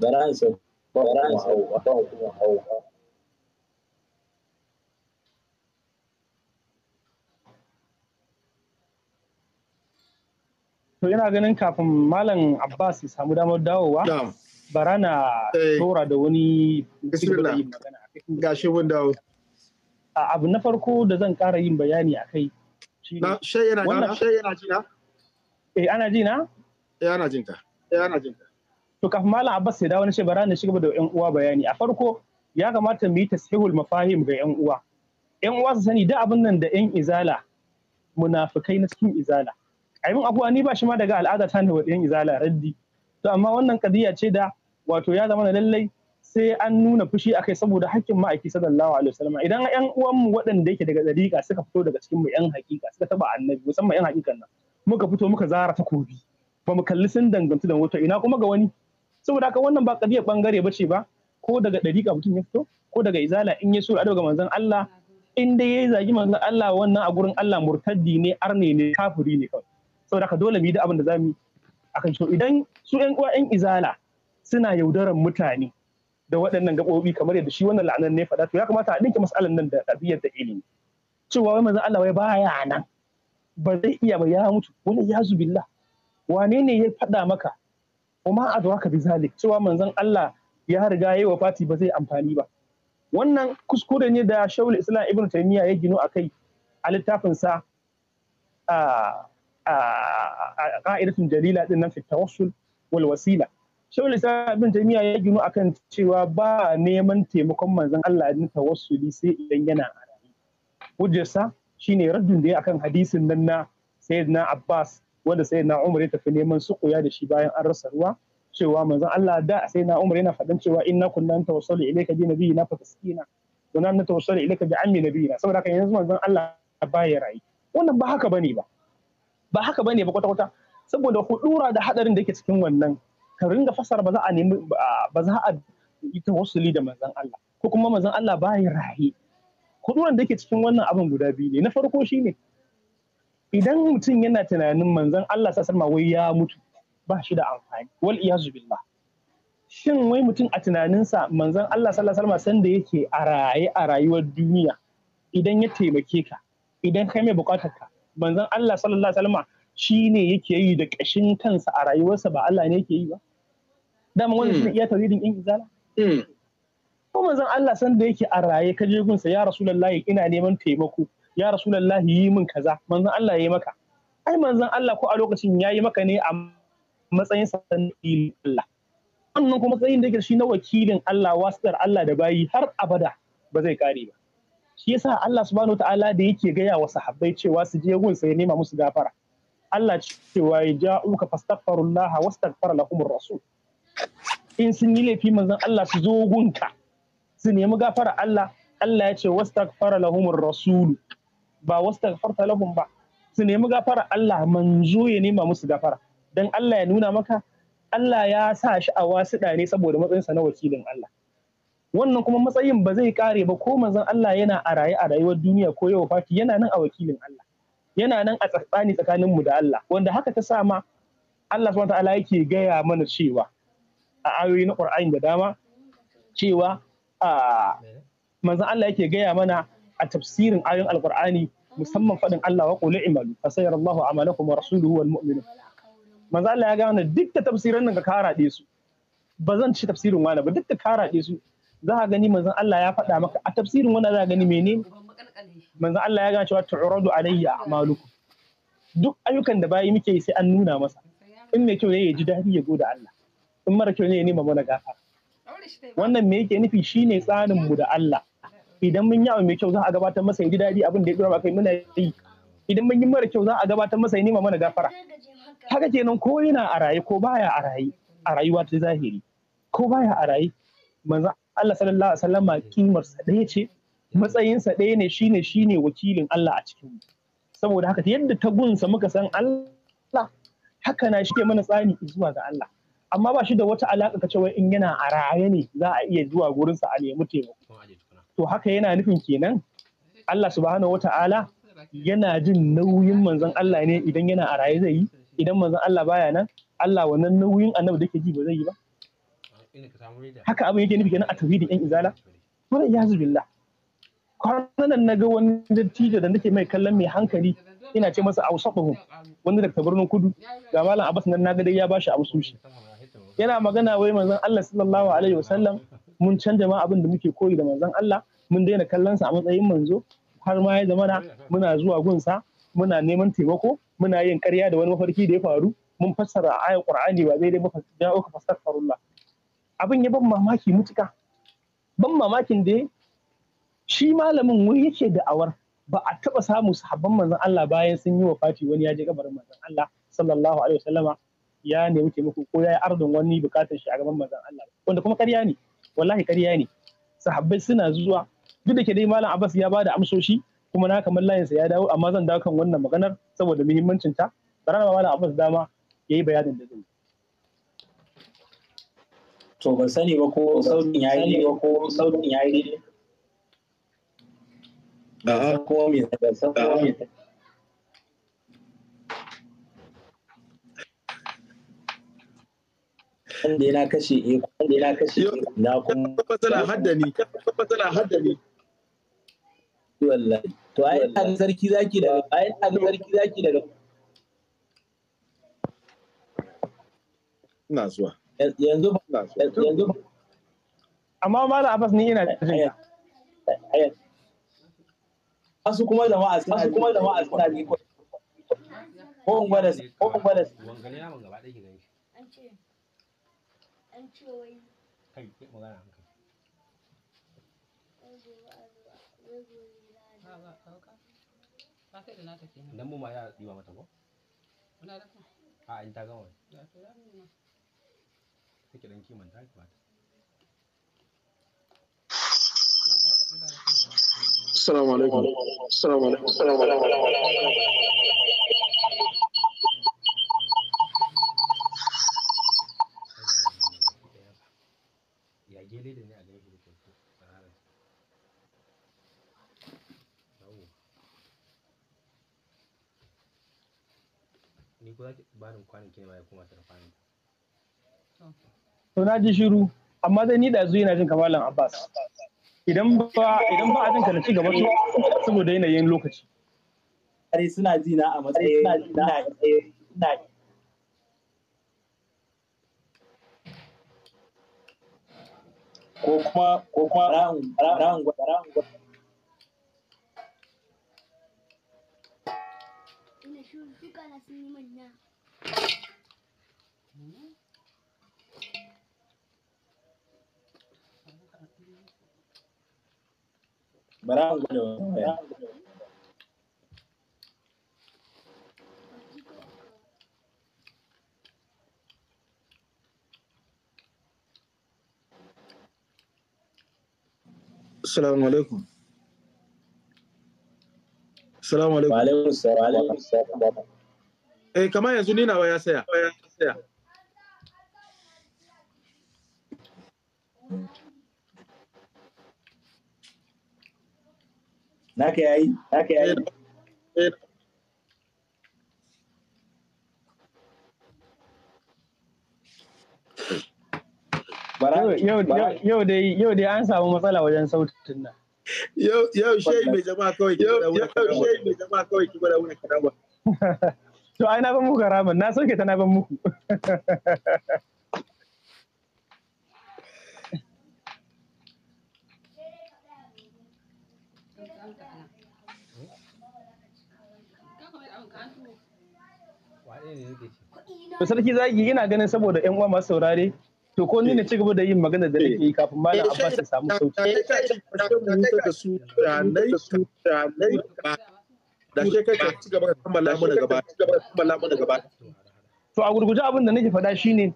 Speaker 1: Baransa
Speaker 3: baransa
Speaker 2: To yana ganin kafin Malam Abbas ya samu damar dawowa. Bara na tora eh. da wani gashi mun dawo. Abu na farko da zan ƙara yin bayani a kai. Shai yana jina? Eh ana jina? Eh ana Eh ana to kafin malam abbas ya dawo na ce na shiga da yan uwa bayani a farko ya kamata mu yi tasihul mafahim ga yan uwa yan uwa su sani duk abin nan da yan izala munafikai na cikin izala abin abuwa ni ba shi ma daga al'ada ta ne wa yan izala raddi to amma wannan kadiya ce da wato ya zama lallai sai an nuna fushi akai saboda hakkin ma'aiki sallallahu alaihi wasallam idan yan uwanmu waɗanda yake daga dariƙa suka fito daga cikin mu yan suka taba annabi musamman yan hakikan nan muka fito muka zara takobi ba mu kalli sun dangantu da wato ina kuma ga wani saboda haka wannan ba kadiyar bangare bace ba ko daga dariƙa mutum ya fito ko daga izala in ya sura daga manzon Allah in dai ya zagi manzon Allah wannan a gurin Allah murtaddi ne arne ne kafiri ne kawai saboda haka dole mu yi da abin da zamu akan shi idan su ƴan uwa ƴan izala suna yaudaran mutane da waɗannan gaɓoɓi kamar yadda shi wannan la'anar ne faɗa to ya kamata a ɗinke masalan nan da ɗabi'ar da ilimi cewa wai manzon Allah wai baya nan ba zai iya ba ya mutu wani ya zubilla wane ne ya faɗa maka kuma adraka bi zalik cewa manzon Allah ya riga wa Fati ba zai amfani ba wannan kuskure ne da shaul islam ibn taymiya ya gino akai a littafin sa a ka'idatun dalila din nan fi tawassul wal wasila shaul islam ibn taymiya ya gino akan cewa ba neman taimakon manzon Allah din tawassuli sai idan yana a rayu hujjarsa shine raddun da ya akan hadisin nan na sayyidina abbas wanda sai na Umar ya tafi neman sukuya da shi bayan an rasa ruwa cewa manzon Allah da sai na Umar yana faɗan cewa inna kunna tawassalu ilayka bi nabiyina na tasqina wa nan tawassalu ilayka bi ammi nabiyina saboda haka yanzu manzon Allah baya rayi wannan ba haka bane ba ba haka bane ba kwata kwata saboda hudura da hadarin da yake cikin wannan ka ringa fasara ba za a nemi ba za a yi tawassuli da manzon Allah ko kuma manzon Allah ba ya rayi huduran da yake cikin wannan abin guda biyu ne na farko shine idan mutum yana tunanin manzon Allah sallallahu wai ya mutu ba shi da amfani wal iyazu billah shin wai mutum a tunaninsa manzon Allah sallallahu alaihi sanda yake a raye a rayuwar duniya idan ya taimake ka idan kai mai bukatar ka manzon Allah sallallahu alaihi wasallam shine yake yi da kashin kansa a rayuwarsa ba Allah ne yake yi ba dama wannan shine hmm. iya tauridin in izala hmm. ko manzon Allah sanda yake a raye ka je gunsa ya rasulullahi ina neman taimako ya rasulullahi yi min kaza manzon Allah ya yi maka ai manzon Allah ko a lokacin ya yi maka ne a matsayin sa Allah wannan kuma matsayin da yake shi na wakilin Allah wasitar Allah da bayi har abada ba zai kare ba shi yasa Allah subhanahu Ta'ala da yake gaya wa sahabbai cewa su je gun sai nema musu gafara Allah cewa ya ja'uka fastaghfirullah wastaghfar lahumur rasul in sun yi laifi manzon Allah su zo gunka su nemi gafara Allah Allah ya ce wastaghfara lahumur rasulu ba wasu wastaghfarta lahum ba su nemi gafara Allah manzo ya nema musu gafara dan Allah ya nuna maka Allah ya sa shi a wasiɗa ne saboda matsayinsa na wakilin Allah wannan kuma matsayin ba zai kare ba ko manzon Allah yana a raye a rayuwar duniya ko yau fati yana nan a wakilin Allah yana nan a tsakani tsakanin mu da Allah wanda haka ta sa ma Allah subhanahu ta'ala yake gaya mana cewa a ayoyi na Qur'ani da dama cewa a manzon Allah yake gaya mana a tafsirin ayoyin alqur'ani musamman faɗin Allah wa qul i'malu sayarallahu amalakum wa rasuluhu wal mu'minun manzo Allah ya gane duk da tafsirin nan ka karaɗe su ba zan ci tafsirin wani ba duk da karaɗe su za ka gani manzon Allah ya faɗa maka a tafsirin wani za ka gani mene manzon Allah ya gane cewa tu'radu alayya a'malukum duk ayyukan da bayi muke yi sai an nuna masa in mai kyau ne ya ji daɗi ya gode Allah in mara kyau ne ya nema mana gafa. wannan me yake nufi shine tsarin mu da Allah idan mun yi abu mai kyau za a gabatar masa ya ji daɗi abin da ya dora kai muna yi idan mun yi mara kyau za a gabatar masa ya nema mana gafara haka kenan ko yana a raye ko baya a raye a rayuwa ta zahiri ko baya a raye manzo Allah sallallahu alaihi wasallam kimar sa ɗaya ce matsayin sa ɗaya ne shine shine wakilin Allah a cikin mu saboda haka yadda ta gunsa muka san Allah haka na shike mana tsani zuwa ga Allah amma ba shi da wata alaka ka cewa in yana a raye ne za a iya zuwa wurinsa a nemi taimako to haka yana nufin kenan Allah subhanahu wata'ala yana jin nauyin manzon Allah ne idan yana a raye zai yi idan manzon Allah baya nan Allah wannan nauyin annabi da ke ji ba zai yi ba haka abin yake nufi kenan a tauhidin yan izala to yazu billah kwanan na ga wani dattijo da nake mai kallon mai hankali ina ce masa ausabahu wani daga birnin kudu ga malam abbas nan naga dai ya bashi sushi yana magana wai manzon Allah sallallahu alaihi wasallam mun canja ma abin da muke koyi da manzon Allah mun daina kallonsa a matsayin manzo har ma ya zama zamana muna zuwa gunsa muna neman taimako muna yin ƙarya da wani mafarki da ya faru mun fassara ayar qur'ani ba daidai ba da aka fassara abin ya ban mamaki mutuka ban mamakin da shi malamin wai yake da awar ba a taba samu sahabban manzon Allah bayan sun yi wa Fati wani ya je kabarin manzon Allah sallallahu alaihi wasallama ya nemi taimako ko ya yi ardun wani bukatar shi a gaban manzon Allah wanda kuma ƙarya ne wallahi ƙarya ne sahabbai suna zuwa duk da ke dai malam abbas ya bada amsoshi kuma na kamar layinsa ya dawo amma zan dawo kan wannan maganar saboda muhimmancin ta bara ma malam abbas dama yayi bayanin da zai to ban sani ba ko sautin yayi ne ba ko sautin yayi ne
Speaker 1: a'a ko me da sautin wanda yana kashe iko wanda yana kashe na kuma matsala haddani matsala haddani wallahi to ai an
Speaker 2: sarki
Speaker 3: zaki daga ai an sarki zaki daga ina zuwa yanzu yanzu amma malam
Speaker 2: Abbas ni ina jin wasu kuma jama'a suna wasu kuma jama'a suna ni ko ko gwada ko gwada wangan yaron gaba ɗaya ki gani an ce wai kai ke magana an kai dan mu ma ya diwa mata ko muna da a in ta gama ya to ya mu kike dan kiman ta ba ta za to na ji shiru amma zai ni ɗazu yana jin kamalan abbas idan ba idan ba a jin ka na ci gaba to saboda yanayin lokaci kare suna ji na a matsayin na
Speaker 1: ko kuma ko kuma ra'un ra'un ra'un
Speaker 3: Barang ya.
Speaker 1: Assalamualaikum. Assalamualaikum. Waalaikumsalam. Waalaikumsalam. eh kamar yanzu ni nawa ya saya
Speaker 2: yayi yayi Yau dai yau dai an samu matsala wajen sautin nan.
Speaker 1: Yau yau shehi mai jama'a kawai
Speaker 3: ki bada wuna. Yau
Speaker 2: To ai na ban muku haramun, na sauke ta na ban muku.
Speaker 3: To sarki zagi
Speaker 2: yana ganin saboda ƴan uwa masu saurare to ko ni na ci gaba da yin magana da nake kafin da Abbas ya samu sauki.
Speaker 1: da to
Speaker 2: a gurguje abin da nake faɗa shine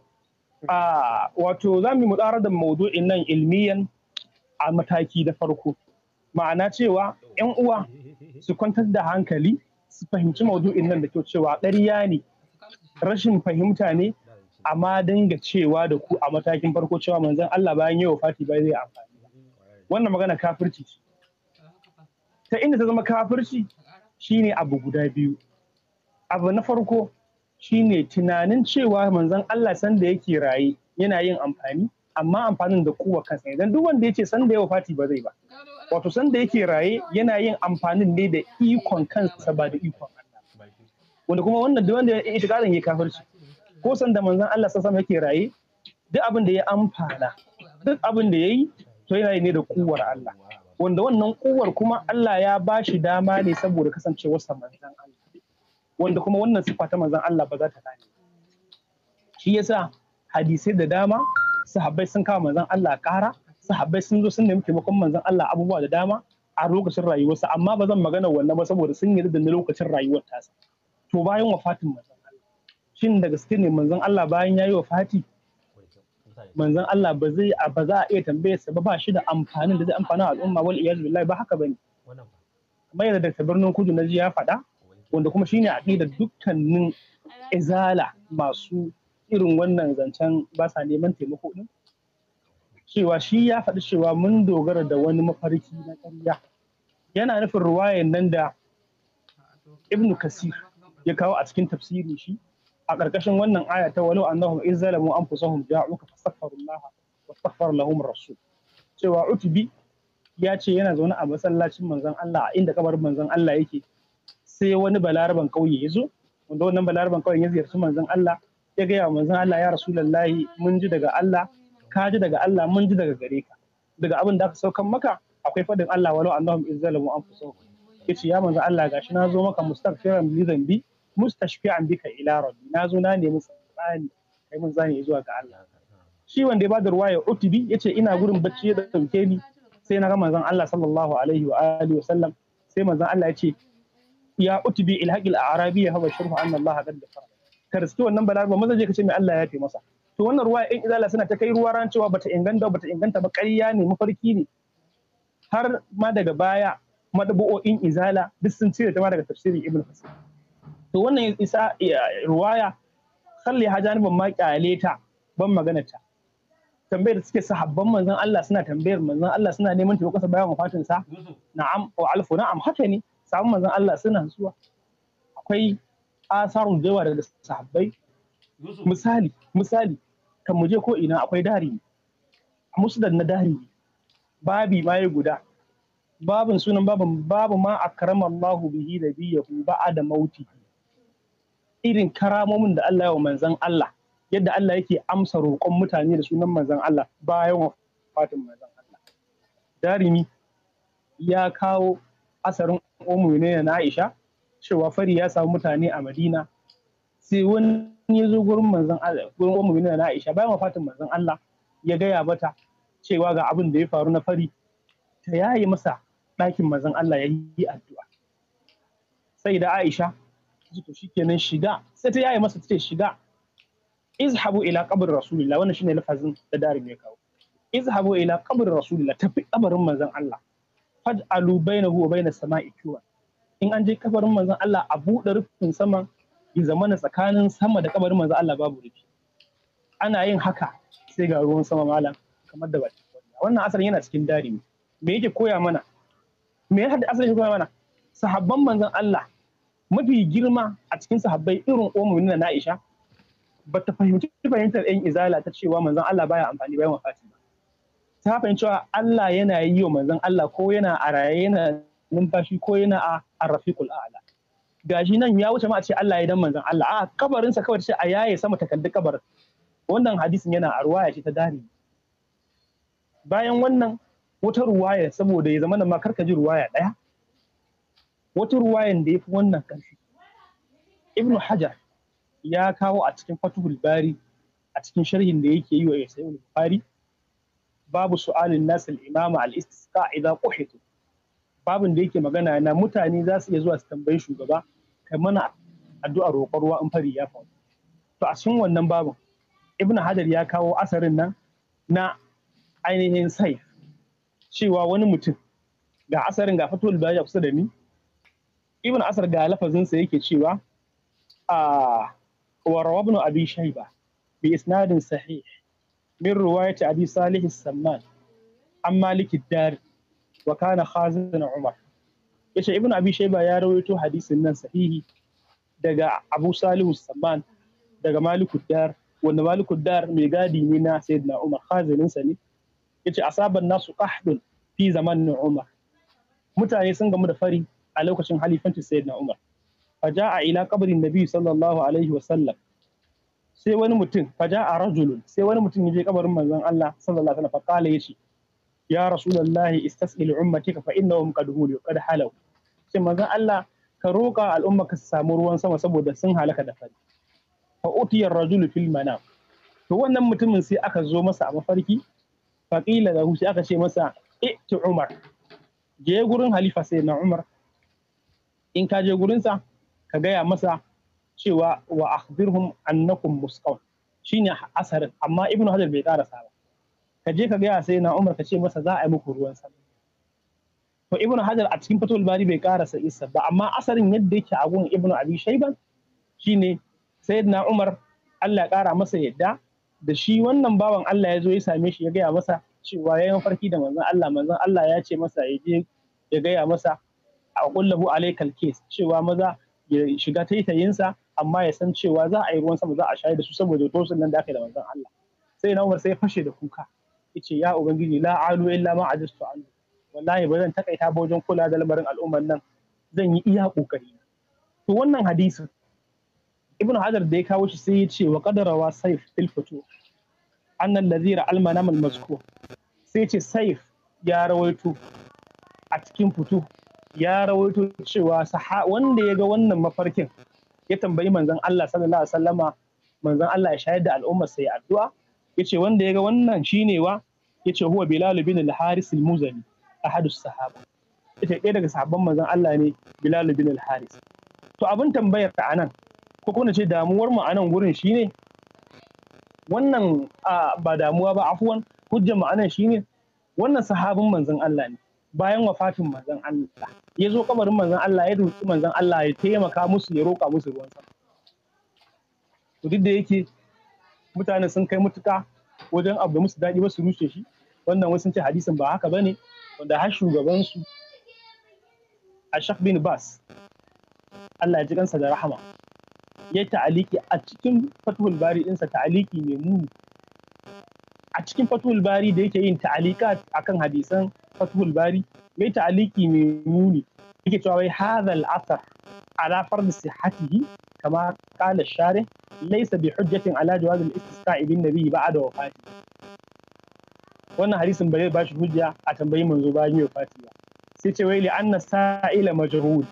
Speaker 2: a wato za mu mudara da maudu'in nan ilmiyan a mataki da farko ma'ana cewa yan uwa su kwantar da hankali su fahimci maudu'in nan da kyau cewa ƙarya ne rashin fahimta ne amma dinga cewa da ku a matakin farko cewa manzon Allah bayan yau fati bai zai amfani wannan magana kafirci ta inda ta zama kafirci shine abu guda biyu abu na farko shine tunanin cewa manzon Allah sanda yake raye yana yin amfani amma amfanin da kowa kansa idan duk wanda yace sanda ya fati ba zai ba wato sanda yake raye yana yin amfanin ne da ikon kansa ba da ikon Allah wanda kuma wannan duk wanda ya karin ya kafirci ko sanda manzon Allah sassa yake raye duk abin da ya amfana duk abin da yayi to yana ne da kuwar Allah wanda wannan kuwar kuma Allah ya ba shi dama ne saboda kasancewarsa manzan Allah wanda kuma wannan su ta manzan Allah ba za ta gane shi yasa hadisai da dama sahabbai sun kawo manzan Allah kara sahabbai sun zo sun nemi taimakon manzan Allah abubuwa da dama a lokacin rayuwarsa amma ba zan magana wannan ba saboda sun yarda da lokacin rayuwar tasa to bayan wafatin manzan Allah shin da gaske ne manzan Allah bayan ya yayi wafati manzon Allah ba zai ba za a iya tambaye sa ba ba shi da amfanin da zai amfana al'umma wal iyaz billahi ba haka bane kamar yadda Dr. Birnin Kudu na ji ya faɗa wanda kuma shine da dukkanin izala masu irin wannan zancen ba sa neman taimako din cewa shi ya faɗi cewa mun dogara da wani mafarki na ƙarya yana nufin ruwayan nan da ibnu kasir ya kawo a cikin tafsirin shi a ƙarƙashin wannan aya ta walau annahum in zalamu anfusahum Allah wa wastaghfar lahum rasul cewa Utubi ya ce yana zaune a masallacin manzon Allah a inda kabarin manzon Allah yake sai wani balaraban kauye ya zo wanda wannan balaraban kauyen ya ziyarci manzon Allah ya gaya wa manzon Allah ya rasulullahi mun ji daga Allah ka ji daga Allah mun ji daga gare ka daga abin da aka saukan maka akwai fadin Allah walau annahum in zalamu anfusahum yace ya manzon Allah gashi na zo maka mustaghfiran li dhanbi mustashfi'an bika ila rabbi na zo na nemi tsani kai mun zani zuwa ga Allah shi wanda ya bada ya utubi yace ina gurin bacci ya dauke ni sai na ga manzon Allah sallallahu alaihi wa alihi wa sallam sai manzon Allah yace ya utubi ilhaqil arabi ya habashirhu anna Allah qad ghafara ka riski wannan balarabe maza je ka ce mai Allah ya fi masa to wannan ruwa in izala suna ta kai ruwa ran cewa bata inganta bata inganta ba ƙarya ne mafarki ne har ma daga baya madabu'o'in izala duk sun cire ta ma daga tafsirin ibn kasir to wannan isa ruwaya kalli ha ban ma kyale ta ban magana ta tambayar da suke sahabban manzon Allah suna tambayar manzon Allah suna neman taimakonsa bayan wafatin sa na'am wa alfu na'am haka ne samu manzon Allah suna zuwa akwai asarun da daga sahabbai misali misali kan muje ko ina akwai dari musnad na dari babi ma ya guda babin sunan babin babu ma akramallahu Allahu bihi nabiyahu ba'ada mautihi irin karamomin da Allah ya wa manzan Allah yadda Allah yake amsa roƙon mutane da sunan manzan Allah bayan fatin manzan Allah darimi ya kawo asarin umu na Aisha cewa fari ya samu mutane a Madina sai wani ya zo gurin manzan Allah gurin umu na Aisha bayan fatin manzan Allah ya gaya mata cewa ga abin da ya faru na fari ta yayi masa ɗakin manzan Allah ya yi addu'a sai da Aisha ce to kenan shiga sai ta yaye masa ta ce shiga izhabu ila qabr rasulillah wannan shine lafazin da darin ya kawo izhabu ila qabr rasulillah tafi kabarin manzon Allah faj'alu bainahu wa bainas sama'i kiwa in an je kabarin manzon Allah a buɗe rufin sama ya zamana tsakanin sama da kabarin manzon Allah babu rufi ana yin haka sai ga ruwan sama malam kamar da baki wannan asalin yana cikin dari me yake koya mana me yasa da asalin koya mana sahabban manzon Allah mafi girma a cikin sahabbai irin umurin na Na'isha, ba ta fahimci fahimtar yan izala ta cewa manzon Allah baya amfani bayan wafati ba ta fahimci cewa Allah yana yi wa manzon Allah ko yana a raye yana numfashi ko yana a arrafiqul a'la gashi nan ya wuce ma a ce Allah ya dan manzon Allah a kabarin sa kawai ce a yaye sama kalli kabar wannan hadisin yana a ruwaya ce ta dari bayan wannan wata ruwaya saboda ya zama ma karka ji ruwaya ɗaya. wata ruwayan da ya fi wannan ƙarfi ibnu hajar ya kawo a cikin fatuhul bari a cikin sharhin da yake yi wa yasayin bukhari babu su'alin nasil imama al-istisqa idan quhitu babin da yake magana na mutane za su iya zuwa su tambayi shugaba kai mana addu'a roƙon ruwa in fari ya faru to a cikin wannan babin Ibnu hajar ya kawo asarin nan na ainihin sai cewa wani mutum ga asarin ga fatuhul bari a kusa da ni ibn asar ga lafazinsa yake cewa a warawa ibn abi shaiba bi isnadin sahih min ruwayati abi salih samman an maliki dar wa kana khazin umar yace ibn abi shaiba ya rawaito hadisin nan sahihi daga abu salihu samman daga maliku dar wanda maliku dar mai gadi ne na sayyidina umar khazininsa ne yace asaban nasu kahɗin fi zamanin umar mutane sun gamu da fari a lokacin halifancin na Umar a ila qabrin nabi sallallahu alaihi wa sallam sai wani mutum faja'a rajulun sai wani mutum ya je kabarin manzon Allah sallallahu alaihi wa sallam yace ya rasulullahi istasqil ummatika fa innahum qad hulu qad halau sai manzon Allah ka roƙa al'umma ka samu ruwan sama saboda sun halaka da fari fa utiya rajulu fil manam to wannan mutumin sai aka zo masa a mafarki faqila lahu sai aka ce masa i'ti umar je gurin halifa sai na umar in ka je gurinsa ka gaya masa cewa wa akhbirhum annakum musqaw shine asarin amma ibn hajar bai karasa ba ka je ka gaya sai na umar ka ce masa za a yi muku ruwan sama to ibn hajar a cikin fatul bari bai karasa isa ba amma asarin yadda yake a gun ibn abi shayban shine sayyidina umar Allah ya kara masa yadda da shi wannan bawan Allah ya zo ya same shi ya gaya masa cewa ya yi mafarki da manzon Allah manzon Allah ya ce masa ya je ya gaya masa a kullahu alaikal kes cewa maza ya shiga taitayinsa amma ya san cewa za a yi ruwan sama za a shayar da su saboda tosin nan da aka yi da manzon Allah sai na Umar sai fashe da kuka yace ya ubangiji la alu illa ma ajistu anhu wallahi ba zan takaita ba wajen kula da lamarin al'ummar nan zan yi iya kokari to wannan hadisin ibn hajar da ya kawo shi sai ya ce wa qadarawa saif fil futu annal ladhira al manam sai ya ce saif ya rawaito a cikin futu ya rawaito cewa wanda ya ga wannan mafarkin ya tambayi manzon Allah sallallahu alaihi wasallama manzon Allah ya shayar da al'ummar sai addu'a yace wanda ya ga wannan shine wa yace huwa Bilal bin al-Haris al-Muzani ahadus sahaba ita ɗaya daga sahabban manzon Allah ne Bilal bin al-Haris to abin tambayar ta anan ko kuma ce damuwar mu anan gurin shine wannan ba damuwa ba afuwan hujjar mu anan shine wannan sahabin manzon Allah ne bayan wafafin manzon Allah ya zo kabarin manzon Allah ya roki manzon Allah ya taimaka musu ya roƙa musu ruwan sama to duk da yake mutane sun kai mutuka wajen abu da musu daɗi ba su rushe shi wannan wasu sun ce hadisin ba haka bane wanda har shugaban su Ashaq bin Bas Allah ya ji kansa da rahama ya ta'aliki a cikin Fathul Bari ɗinsa ta'aliki mai muni a cikin Fathul Bari da yake yin ta'alika akan hadisan fathul bari mai ta'aliki mai muni yake cewa wai hadha la'asar. athar ala fard sihhatihi kama qala sharih laysa bi hujjatin ala jawaz al-istisqa'i bin nabi ba'da wafati wannan hadisin bare ba shi hujja a tambayi manzo bayan ya wafati ba sai ce wai li anna sa'ila majhul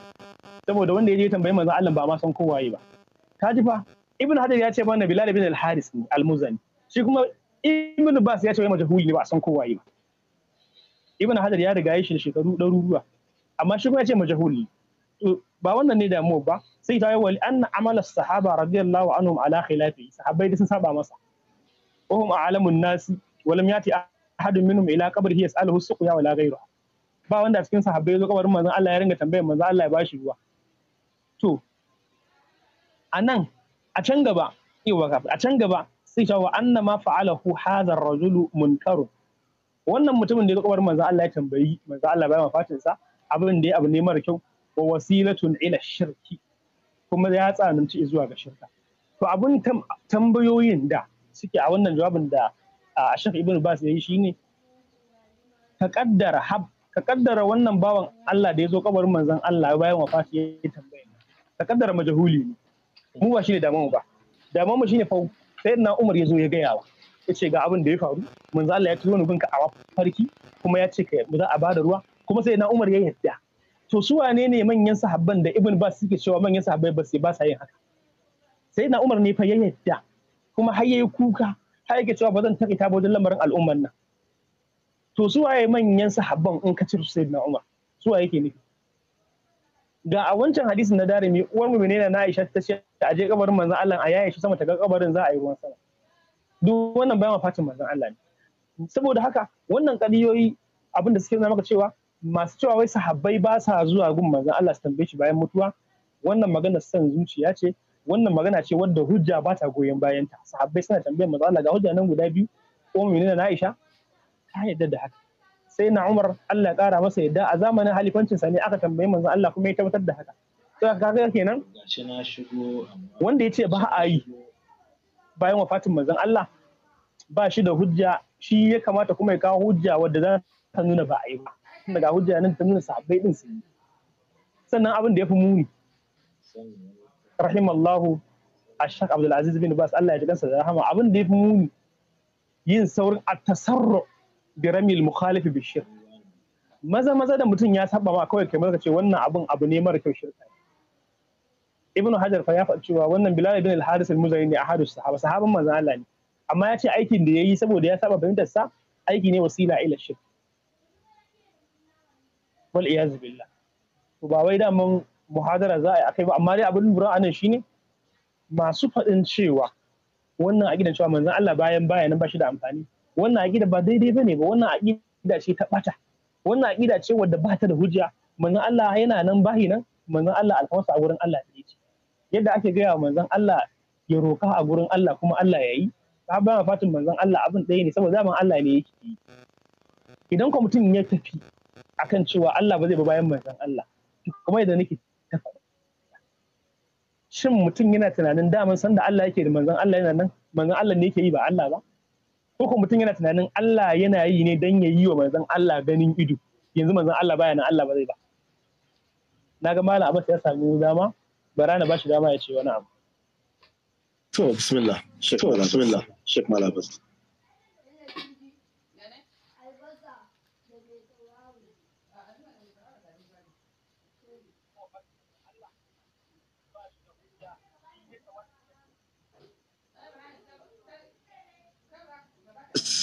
Speaker 2: saboda wanda ya je tambayi manzo Allah ba ma san kowaye ba ka fa ibnu hajar ya ce mana bilal bin al-haris al-muzani shi kuma ibnu bas ya ce wai majhul ne ba san kowaye ba ibn hajar ya riga shi da shekaru ɗaruruwa amma shi kuma ya ce majahuli to ba wannan ne damuwa ba sai ta yi wali anna amala sahaba radiyallahu anhum ala khilafi sahabbai da sun saba masa uhum a'lamun nasi walam yati ahadun minhum ila qabrihi yas'aluhu suqya wala ghayruha ba wanda cikin sahabbai ya zo kabarin manzon Allah ya ringa tambayar manzon Allah ya bashi ruwa to anan a can gaba a can gaba sai ta wa anna ma fa'alahu hadha ar-rajulu munkarun wannan mutumin da ya kwabar manzo Allah ya tambayi manzo Allah bai wafatin sa abin da ya abu ne mara kyau wa wasilatun ila shirki kuma ya tsananci zuwa ga shirka to abun tambayoyin da suke a wannan jawabin da a Sheikh Ibn Bas yayi shine ka kaddara hab ka kaddara wannan bawan Allah da ya zo kabarin manzon Allah bayan wafati ya yi tambaya ka kaddara majahuli ne mu ba shine damu ba damu mu shine fa sayyidina Umar ya zo ya gaya wa ya ce ga abin da ya faru manzo Allah ya turo ni gunka a farki kuma ya ce ka za a bada ruwa kuma sai na Umar ya yadda to su wane ne manyan sahabban da Ibn Bas suke cewa manyan sahabbai ba su ba sa yin haka sai na Umar ne fa ya yadda kuma har yayi kuka har yake cewa ba zan takaita ba wajen lamarin al'umman nan to su waye manyan sahabban in ka cire sayyidina Umar su waye yake nufi ga a wancan hadisin na darimi uwar mu ne na Aisha ta ce a je kabarin manzon Allah a yaye shi sama ta ga kabarin za a yi ruwan sama duk wannan bayan wafatin manzon Allah ne saboda haka wannan kadiyoyi abin da suke nuna maka cewa masu cewa wai sahabbai ba sa zuwa gun manzon Allah su tambaye shi bayan mutuwa wannan magana san zuciya ce wannan magana ce wadda hujja ba ta goyon bayan ta sahabbai suna tambayar manzon Allah ga hujja nan guda biyu ko menene na Aisha ta yadda da haka sai na Umar Allah ya kara masa yadda a zamanin halifancinsa ne aka tambayi manzon Allah kuma ya tabbatar da haka to kaga kenan wanda ya ce ba a yi bayan wafatin manzon Allah ba shi da hujja shi ya kamata kuma ya kawo hujja wadda za ta nuna ba a yi ba daga hujja nan ta nuna sahabbai din sun sannan abin da ya fi muni rahimallahu ashaq abdul aziz bin bas Allah ya ji kansa da rahama abin da ya fi muni yin saurin at-tasarru bi ramil mukhalif bi shirk maza maza da mutum ya saba ma kawai kai ce wannan abin abu ne mara kyau shirka ibn hajar fa ya faɗi cewa wannan bilal ibn al-haris al-muzani ne ahadu sahaba sahaban manzon Allah ne amma ya ce aikin da yayi saboda ya saba fahimtar sa aiki ne wasila ila shirk wal iyaz billah to ba wai da mun muhadara za a yi akai ba amma dai abin lura anan shine masu faɗin cewa wannan aqidan cewa manzon Allah bayan bayanan ba shi da amfani wannan aqida ba daidai bane ba wannan aqida ce ta bata wannan aqida ce wadda ba ta da hujja manzon Allah yana nan bahi nan manzon Allah alfansa a gurin Allah ne ce yadda ake gaya wa manzon Allah ya roka a gurin Allah kuma Allah ya yi ma fatin manzon Allah abin ɗaya ne saboda zaman Allah ne yake yi idan kuma mutum ya tafi akan cewa Allah ba zai ba bayan manzon Allah kuma idan nake shin mutum yana tunanin daman sanda Allah yake da manzon Allah yana nan manzon Allah ne yake yi ba Allah ba ko kuma mutum yana tunanin Allah yana yi ne dan ya yi wa manzon Allah ganin ido yanzu manzon Allah baya nan Allah ba zai ba na ga malam abbas ya sami dama bara na bashi dama ya ce wani abu
Speaker 1: to bismillah shek malam bismillah shek malam abbas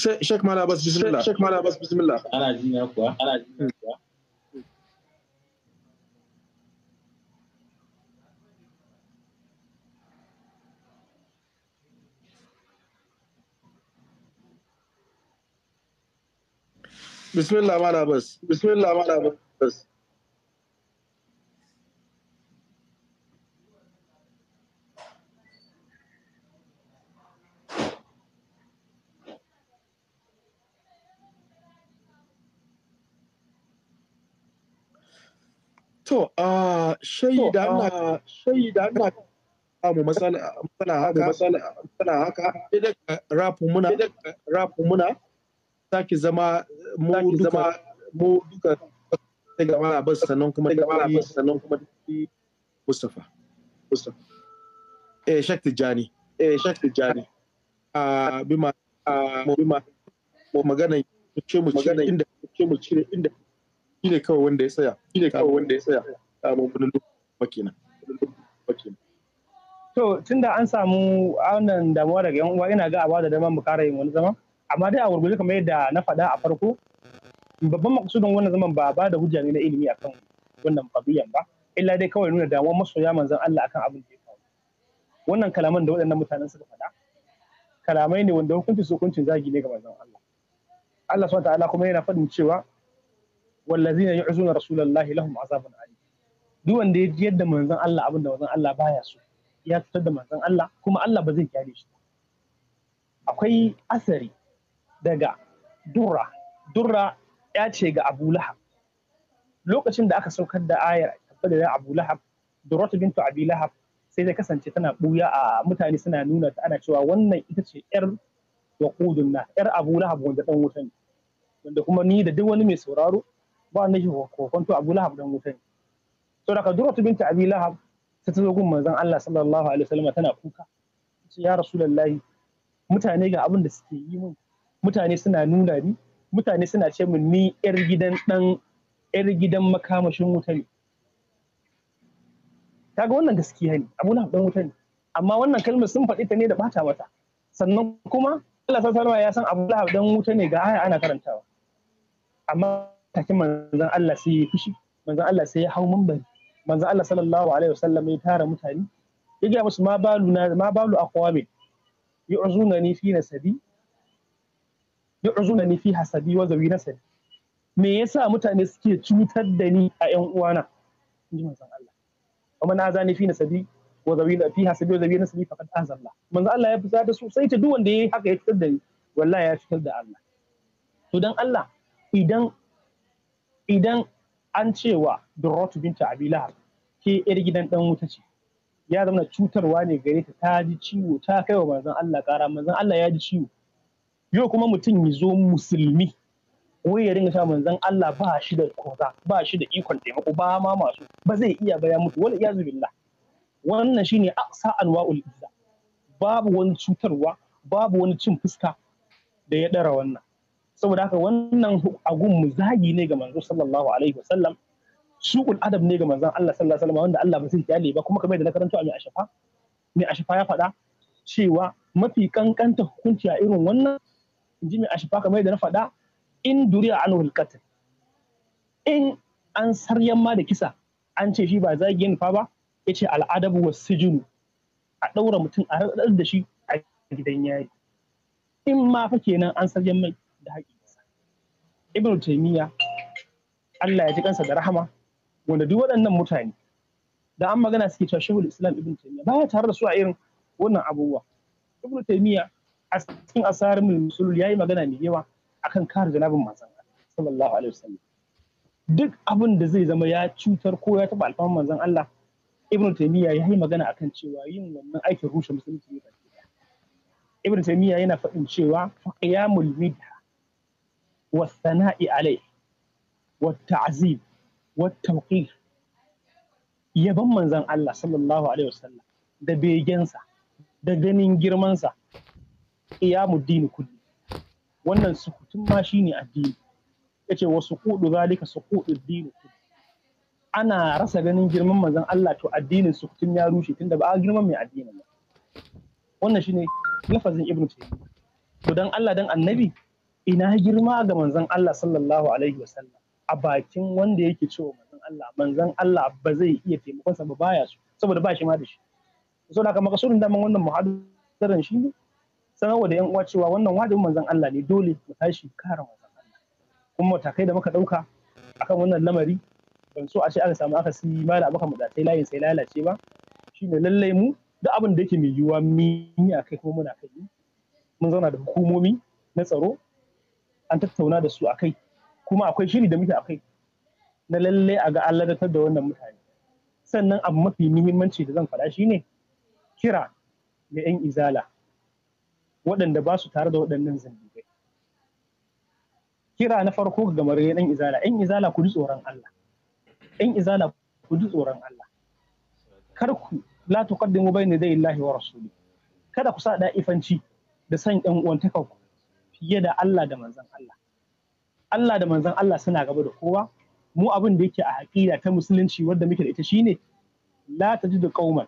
Speaker 1: Sheikh Malabas bismillah Sheikh Malabas bismillah ana jin ya kuwa ana jin ya kuwa bismillah mana bas bismillah mana bas To, a shaida na shaida na mu masana haka matsala haka rafin muna rafin muna sake zama mu duka mu duka daga wala bas sannan kuma daga wala bas sannan kuma Mustafa Mustafa eh Shak Tijani eh Shak Tijani a ah, ma a ah, ma mu magana ce mu magana inda ce mu cire inda shine kawai wanda ya tsaya shine kawai wanda ya tsaya a ah, mun makina
Speaker 2: makina to tunda an samu wannan damuwa daga yan uwa ina ga a da dama mu kara yin wani zama amma dai a gurguje kamar yadda na faɗa a farko babban maksudin wannan zaman ba ba da hujja ne na ilimi akan wannan fabiyan ba illa dai kawai nuna damuwar masoya manzon Allah akan abin da ya faru wannan kalaman da waɗannan mutanen suka faɗa kalamai ne wanda hukunci su hukuncin zagi ne ga manzon Allah Allah subhanahu ta'ala kuma yana faɗin cewa wallazina yu'zuna rasulullahi lahum azabun alim duk wanda ya yadda manzon Allah abin da manzon Allah baya so ya fitar da manzon Allah kuma Allah ba zai kyale shi akwai asari daga durra durra ya ce ga abu lahab lokacin da aka saukar da ayar da abu lahab ta bintu abu lahab sai ta kasance tana buya a mutane suna nuna ta ana cewa wannan ita ce yar waqudun na yar abu lahab wanda dan wuta ne wanda kuma ni da duk wani mai sauraro ba na shi kokonto abu lahab dan wuta ne to daga ta bintu abu lahab ta zo gun manzon Allah sallallahu alaihi wasallam tana kuka ya rasulullahi mutane ga abin da suke yi mun mutane suna nuna ni mutane suna ce min ni yar gidan dan yar gidan makamashin wuta ne kaga wannan gaskiya ne abu na dan wuta ne amma wannan kalmar sun faɗi ta ne da bata mata sannan kuma Allah sallallahu ya san Abdullahi dan wuta ne ga aya ana karantawa amma takin manzon Allah sai ya fushi manzon Allah sai ya hau mambari manzon Allah sallallahu alaihi wasallam ya tara mutane ya ga musu ma balu na ma balu aqwami yu'zuna ni fi nasabi yu'zuna ni fi hasabi wa zawi nasabi me yasa mutane suke cutar da ni a ƴan uwana inji manzon Allah kuma na zani fi nasabi wa zawi fi hasabi wa zawi nasabi faqad azalla manzon Allah ya fusa da su sai ta duk wanda yayi haka ya cutar da ni wallahi ya cutar da Allah to dan Allah idan idan an cewa Durratu binta Abi ke yar gidan dan wuta ce ya zama cutarwa ne gare ta ta ji ciwo ta kai wa manzon Allah kara manzon Allah ya ji ciwo yau kuma mutum ya zo musulmi wai ya ringa sha manzan Allah ba shi da koza ba shi da ikon taimako ba ma masu ba zai iya ba ya mutu wala iyazu billah wannan shine aqsa anwa'ul izza babu wani cutarwa babu wani cin fuska da ya dara wannan saboda haka wannan agun muzagi ne ga manzo sallallahu alaihi wasallam suqul adab ne ga manzon Allah sallallahu alaihi wasallam wanda Allah ba zai kyale ba kuma kamar da na karanto a mai ashafa mai ashafa ya faɗa cewa mafi kankanta hukunci a irin wannan ji mai ashifa kamar yadda na faɗa in duriya anhu alqatl in an saryan ma da kisa an ce shi ba zagi fa ba ya ce al'adabu wa sijinu a ɗaura mutum a raɗar da shi a gidan yayi in ma fa kenan an saryan mai da haƙi ibn taimiyya Allah ya ji kansa da rahama wanda duk waɗannan mutane da an magana suke cewa shehul islam ibn taimiyya baya tare da su a irin wannan abubuwa ibn taimiyya a asarar asarar ya yi magana mai yawa akan kare janabin manzon Allah sallallahu alaihi wasallam duk abin da zai zama ya cutar ko ya taba alfahman manzan Allah Ibn Taymiyyah ya yi magana akan cewa yin wannan aikin rushe musulunci ne baki Ibn yana faɗin cewa qiyamul midha wa sana'i alai wa ta'zib wa tawqir yabon manzon Allah sallallahu alaihi wasallam da begensa da ganin girmansa qiyamu dini kulli wannan sukutun ma shine addini yace wa kudu zalika suqudu dini kulli ana rasa ganin girman manzon Allah to addinin sukutun ya rushe tunda ba a girman mai addini ba wannan shine lafazin ibnu taymiyyah to dan Allah dan annabi ina girma ga manzon Allah sallallahu alaihi wasallam a bakin wanda yake cewa manzon Allah manzon Allah ba zai iya taimakonsa ba baya su? saboda ba shi ma da shi saboda haka makasudin daman wannan muhadaran shi ne sanarwa da yan uwa cewa wannan wajibin manzon Allah ne dole mu tashi kare manzon Allah kuma matakai da muka dauka akan wannan lamari ban so a ce aka samu aka si mala abaka mu datai layin sai lalace ba shine lallai mu duk abin da yake mai yiwuwa mun yi akai kuma muna kai mun zauna da hukumomi na tsaro an tattauna da su akai kuma akwai shiri da muke akai na lallai a ga an ladatar da wannan mutane sannan abu mafi muhimmanci da zan faɗa shine kira ga 'yan izala waɗanda ba su tare da waɗannan zindigai kira na farko ga gamar ɗan izala ɗan izala ku ji tsoron Allah 'yan izala ku ji tsoron Allah kar ku la tuqaddimu bayna dai Allahi wa rasuli kada ku sa ɗa'ifanci da san ɗan uwantaka ku fiye da Allah da manzon Allah Allah da manzon Allah suna gaba da kowa mu abin da yake a haƙida ta musulunci wadda muke da ita shine la tajidu qauman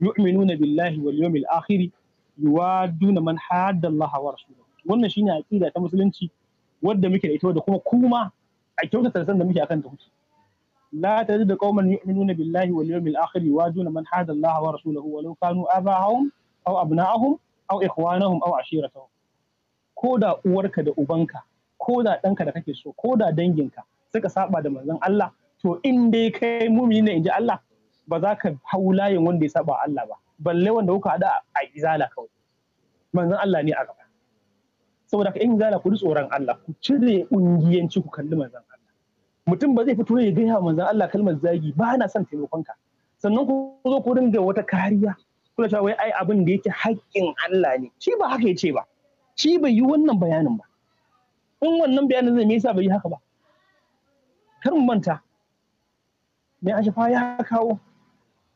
Speaker 2: yu'minuna billahi wal yawmil akhiri. yuwaduna man haddallaha wa rasulahu wannan shine aqida ta musulunci wadda muke da ita wadda kuma kuma a kyautata san da muke akan ta kuke la tajidu qauman yu'minuna billahi wal yawmil akhir yuwaduna man hadallaha wa rasulahu walau kanu aba'ahum aw abna'ahum aw ikhwanahum aw ashiratahum ko da uwarka da ubanka ko da ɗanka da kake so ko da danginka suka saba da manzon Allah to in dai kai mumini ne inji Allah ba za ka hau layin wanda ya saba Allah ba balle wanda kuka hada a izala kawai manzon Allah ne a gaba saboda in izala ku tsoron Allah ku cire ƙungiyanci, ku kalli manzon Allah mutum ba zai fito ya gaya manzon Allah kalmar zagi ba na son taimakon ka sannan ku zo ku dinga wata kariya kula cewa wai ai abin da yake haƙƙin Allah ne shi ba haka yace ba shi bai yi wannan bayanin ba in wannan bayanin zai me yasa bai yi haka ba kar mu manta me ashafa ya kawo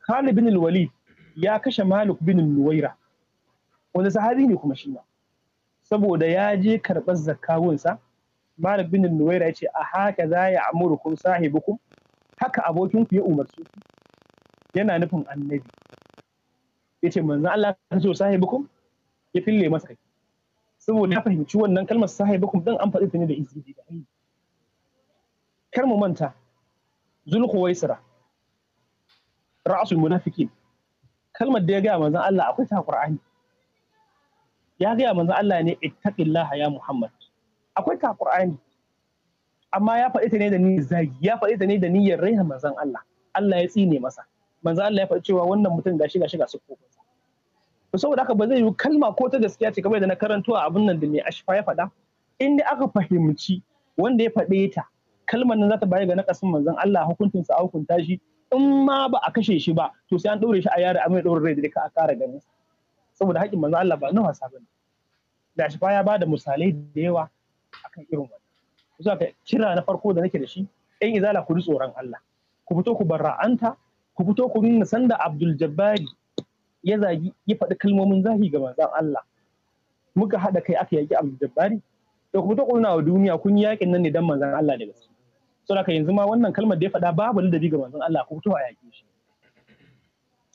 Speaker 2: Khalid bin Walid ya kashe Malik bin Nuwaira wanda sahabi ne kuma shi ma saboda ya je karɓar zakawunsa Malik bin Nuwaira ya ce a haka za ya amurukum sahibukum haka abokinku ya umarci yana nufin annabi ya ce manzan Allah ka so sahibukum ya fille masa kai saboda ya fahimci wannan kalmar sahibukum din an faɗi ta ne da izini da aiki kar mu manta zulku waisara ra'asul munafiqin kalmar da ya gaya manzon Allah akwai ta Qur'ani ya gaya manzon Allah ne ittaqillaha ya Muhammad akwai ta Qur'ani amma ya faɗi ta ne da niyyar zagi ya faɗi ta ne da niyyar raiha manzon Allah Allah ya tsine masa manzon Allah ya faɗi cewa wannan mutum gashi gashi ga sukofinsa to saboda haka ba zai yi kalma ko ta gaskiya ce kamar da na karanto a abin nan da mai ashfa ya faɗa in dai aka fahimci wanda ya faɗe ta kalmar nan za ta bayar ga nakasin manzon Allah hukuncinsa a hukunta shi in ma ba a kashe shi ba to sai an ɗaure shi a yare a mai ɗaure rai da ka a kara ganin saboda haƙƙin manzo Allah ba na wasa ba da shi ya bada misalai da yawa akan irin wannan kusa kira na farko da nake da shi ɗan izala ku ji tsoron Allah ku fito ku barra'anta ku fito ku nuna sanda Abdul Jabbari ya zagi ya faɗi kalmomin zahi ga manzon Allah muka haɗa kai aka yaki Abdul Jabbari to ku fito ku nuna wa duniya kun yakin nan ne dan manzon Allah da gaske saboda yanzu ma wannan kalmar da ya faɗa babu ladabi ga manzon Allah ko to a yaƙe shi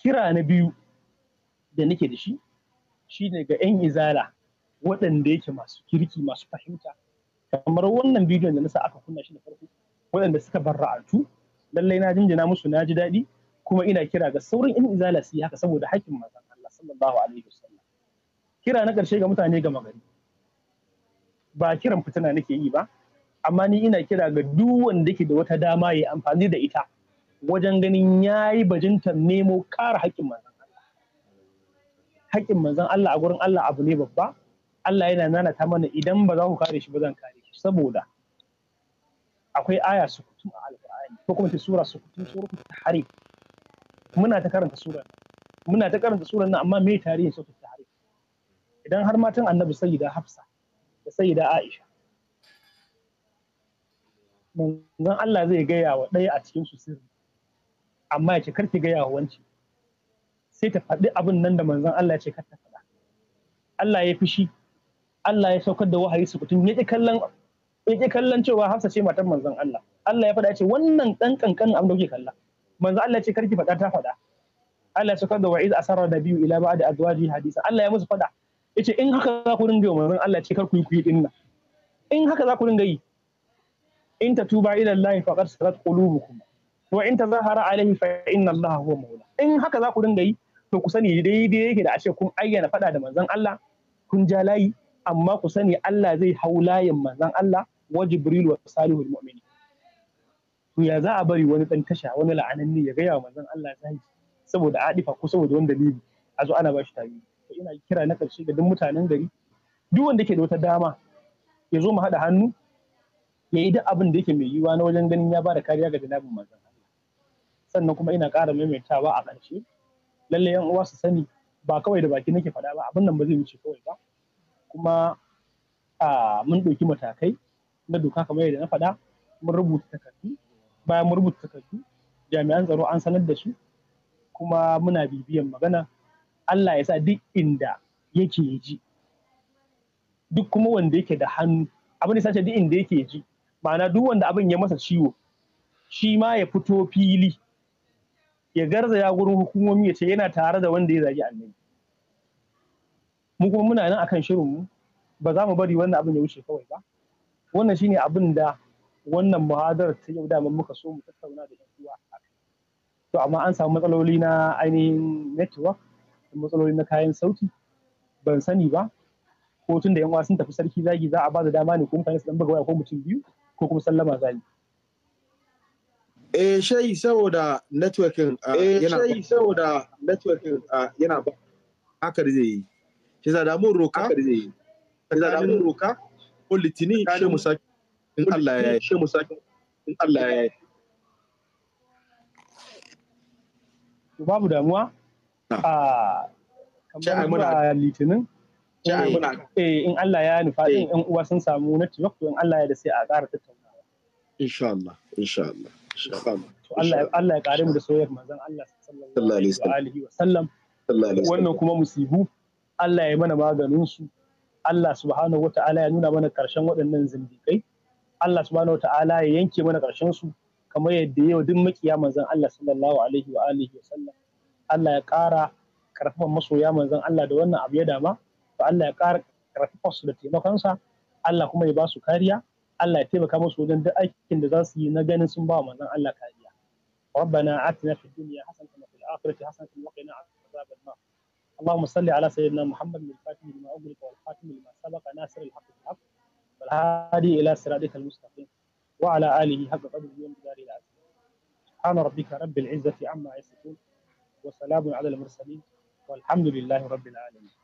Speaker 2: kira na biyu da nake da shi shine ga 'yan izala waɗanda yake masu kirki masu fahimta kamar wannan bidiyon da na sa aka kunna shi da farko waɗanda suka bar ra'atu lallai na jinjina musu na ji daɗi kuma ina kira ga saurin 'yan izala su yi haka saboda haƙƙin manzon Allah sallallahu alaihi wasallam kira na ƙarshe ga mutane ga magari ba kiran fitina nake yi ba amma ni ina kira ga duk wanda ke da wata dama ya amfani da ita wajen ganin ya yi bajintar nemo ƙara haƙƙin manzan Allah. Haƙƙin manzan Allah a gurin Allah abu ne babba, Allah yana nanata mana idan ba za ku kare shi ba zan kare shi saboda akwai aya su kutu a alƙur'ani ko kuma ta sura sukutu ta tahrim muna ta karanta sura muna ta karanta sura nan amma me tarihin ta hari idan har matan annabi sayyida hafsa da sayyida aisha manzon Allah zai gaya wa ɗaya a cikin su sirri amma ya ce karki gaya wa wance sai ta faɗi abin nan da manzon Allah ya ce kar ta faɗa Allah ya fushi Allah ya saukar da wahayi su kutun ya kallon ya kallon cewa Hafsa ce matar manzon Allah Allah ya faɗa ya ce wannan ɗan kankan abin da kuke kalla manzon Allah ya ce karki faɗa ta faɗa Allah ya saukar da wa'iz asarar da biyu ila ba'da azwaji hadisa Allah ya musu faɗa Ya ce in haka za ku dinga yi manzon Allah ya ce kar ku yi ku yi dinnan in haka za ku dinga yi in tuba ila Allah faqad sarat qulubukum wa in tazahara alaihi fa inna Allah huwa maula in haka za ku dinga yi to ku sani daidai yake da ashe kun ayyana faɗa da manzan Allah kun ja layi amma ku sani Allah zai hau layin manzan Allah wa Jibril wa salihul mu'minin to ya za a bari wani dan tasha wani la'ananni ya gaya wa manzon Allah zai saboda adifa ko saboda wani dalili a zo ana bashi tabi to ina kira na karshe ga duk mutanen gari duk wanda ke da wata dama ya zo mu haɗa hannu ya yi duk abin da yake mai yiwuwa na wajen ganin ya ba da kariya ga jinabin manzon Allah sannan kuma ina ƙara maimaitawa a ƙarshe lallai yan uwa su sani ba kawai da baki nake faɗa ba abin nan ba zai wuce kawai ba kuma mun ɗauki matakai na doka kamar yadda na faɗa mun rubuta takardu bayan mun rubuta takardu jami'an tsaro an sanar da su kuma muna bibiyan magana Allah ya sa duk inda yake ji duk kuma wanda yake da hannu abin da sace duk inda yake ji ma'ana duk wanda abin ya masa ciwo shi ma ya fito fili ya garzaya gurin hukumomi ya ce yana tare da wanda ya zagi annabi mu kuma muna nan akan shirinmu ba za mu bari wannan abin ya wuce kawai ba wannan shine abin da wannan muhadarar ta yau dama muka so mu
Speaker 3: tattauna da yan uwa
Speaker 2: to amma an samu matsaloli na ainihin network matsaloli na kayan sauti ban sani ba ko tun da yan uwa sun tafi sarki zagi za a ba da dama ne ko mutane su dan buga waya ko mutum biyu ko kuma sallama zani
Speaker 1: eh shayi saboda networking ah, eh, yana shayi saboda networking ah, yana ba haka zai yi shi za damun roka haka zai yi shi za damun roka ko litini shi musaki in Allah ya yi shi musaki in Allah ya yi
Speaker 2: babu damuwa a ah, kamar litinin Eh, eh, in Allah ya nufa eh. in yan uwa sun samu network to in Allah ya da sai a ƙara tattaunawa
Speaker 1: insha Allah insha Allah to
Speaker 2: Allah Allah ya kare mu da soyayyar manzon Allah sallallahu alaihi wa sallam
Speaker 1: wannan kuma
Speaker 2: musibu Allah ya mana maganin su Allah subhanahu wata'ala ya nuna mana karshen waɗannan zindikai Allah subhanahu wata'ala ya yanke mana karshen su kamar yadda yau duk makiya manzon Allah sallallahu alaihi wa alihi wa sallam Allah ya ƙara karfafa masoya manzon Allah da wannan abu ya dama to Allah ya kara karfafa su da taimakonsa Allah kuma ya ba kariya Allah ya taimaka musu wajen duk aikin da za yi na ganin sun ba kariya rabbana atina fid
Speaker 3: dunya hasanatan wa fil akhirati hasanatan wa
Speaker 2: qina adhaban nar اللهم صل على سيدنا محمد من الفاتح لما اغلق والخاتم لما سبق ناصر الحق الحق
Speaker 3: والهادي
Speaker 2: الى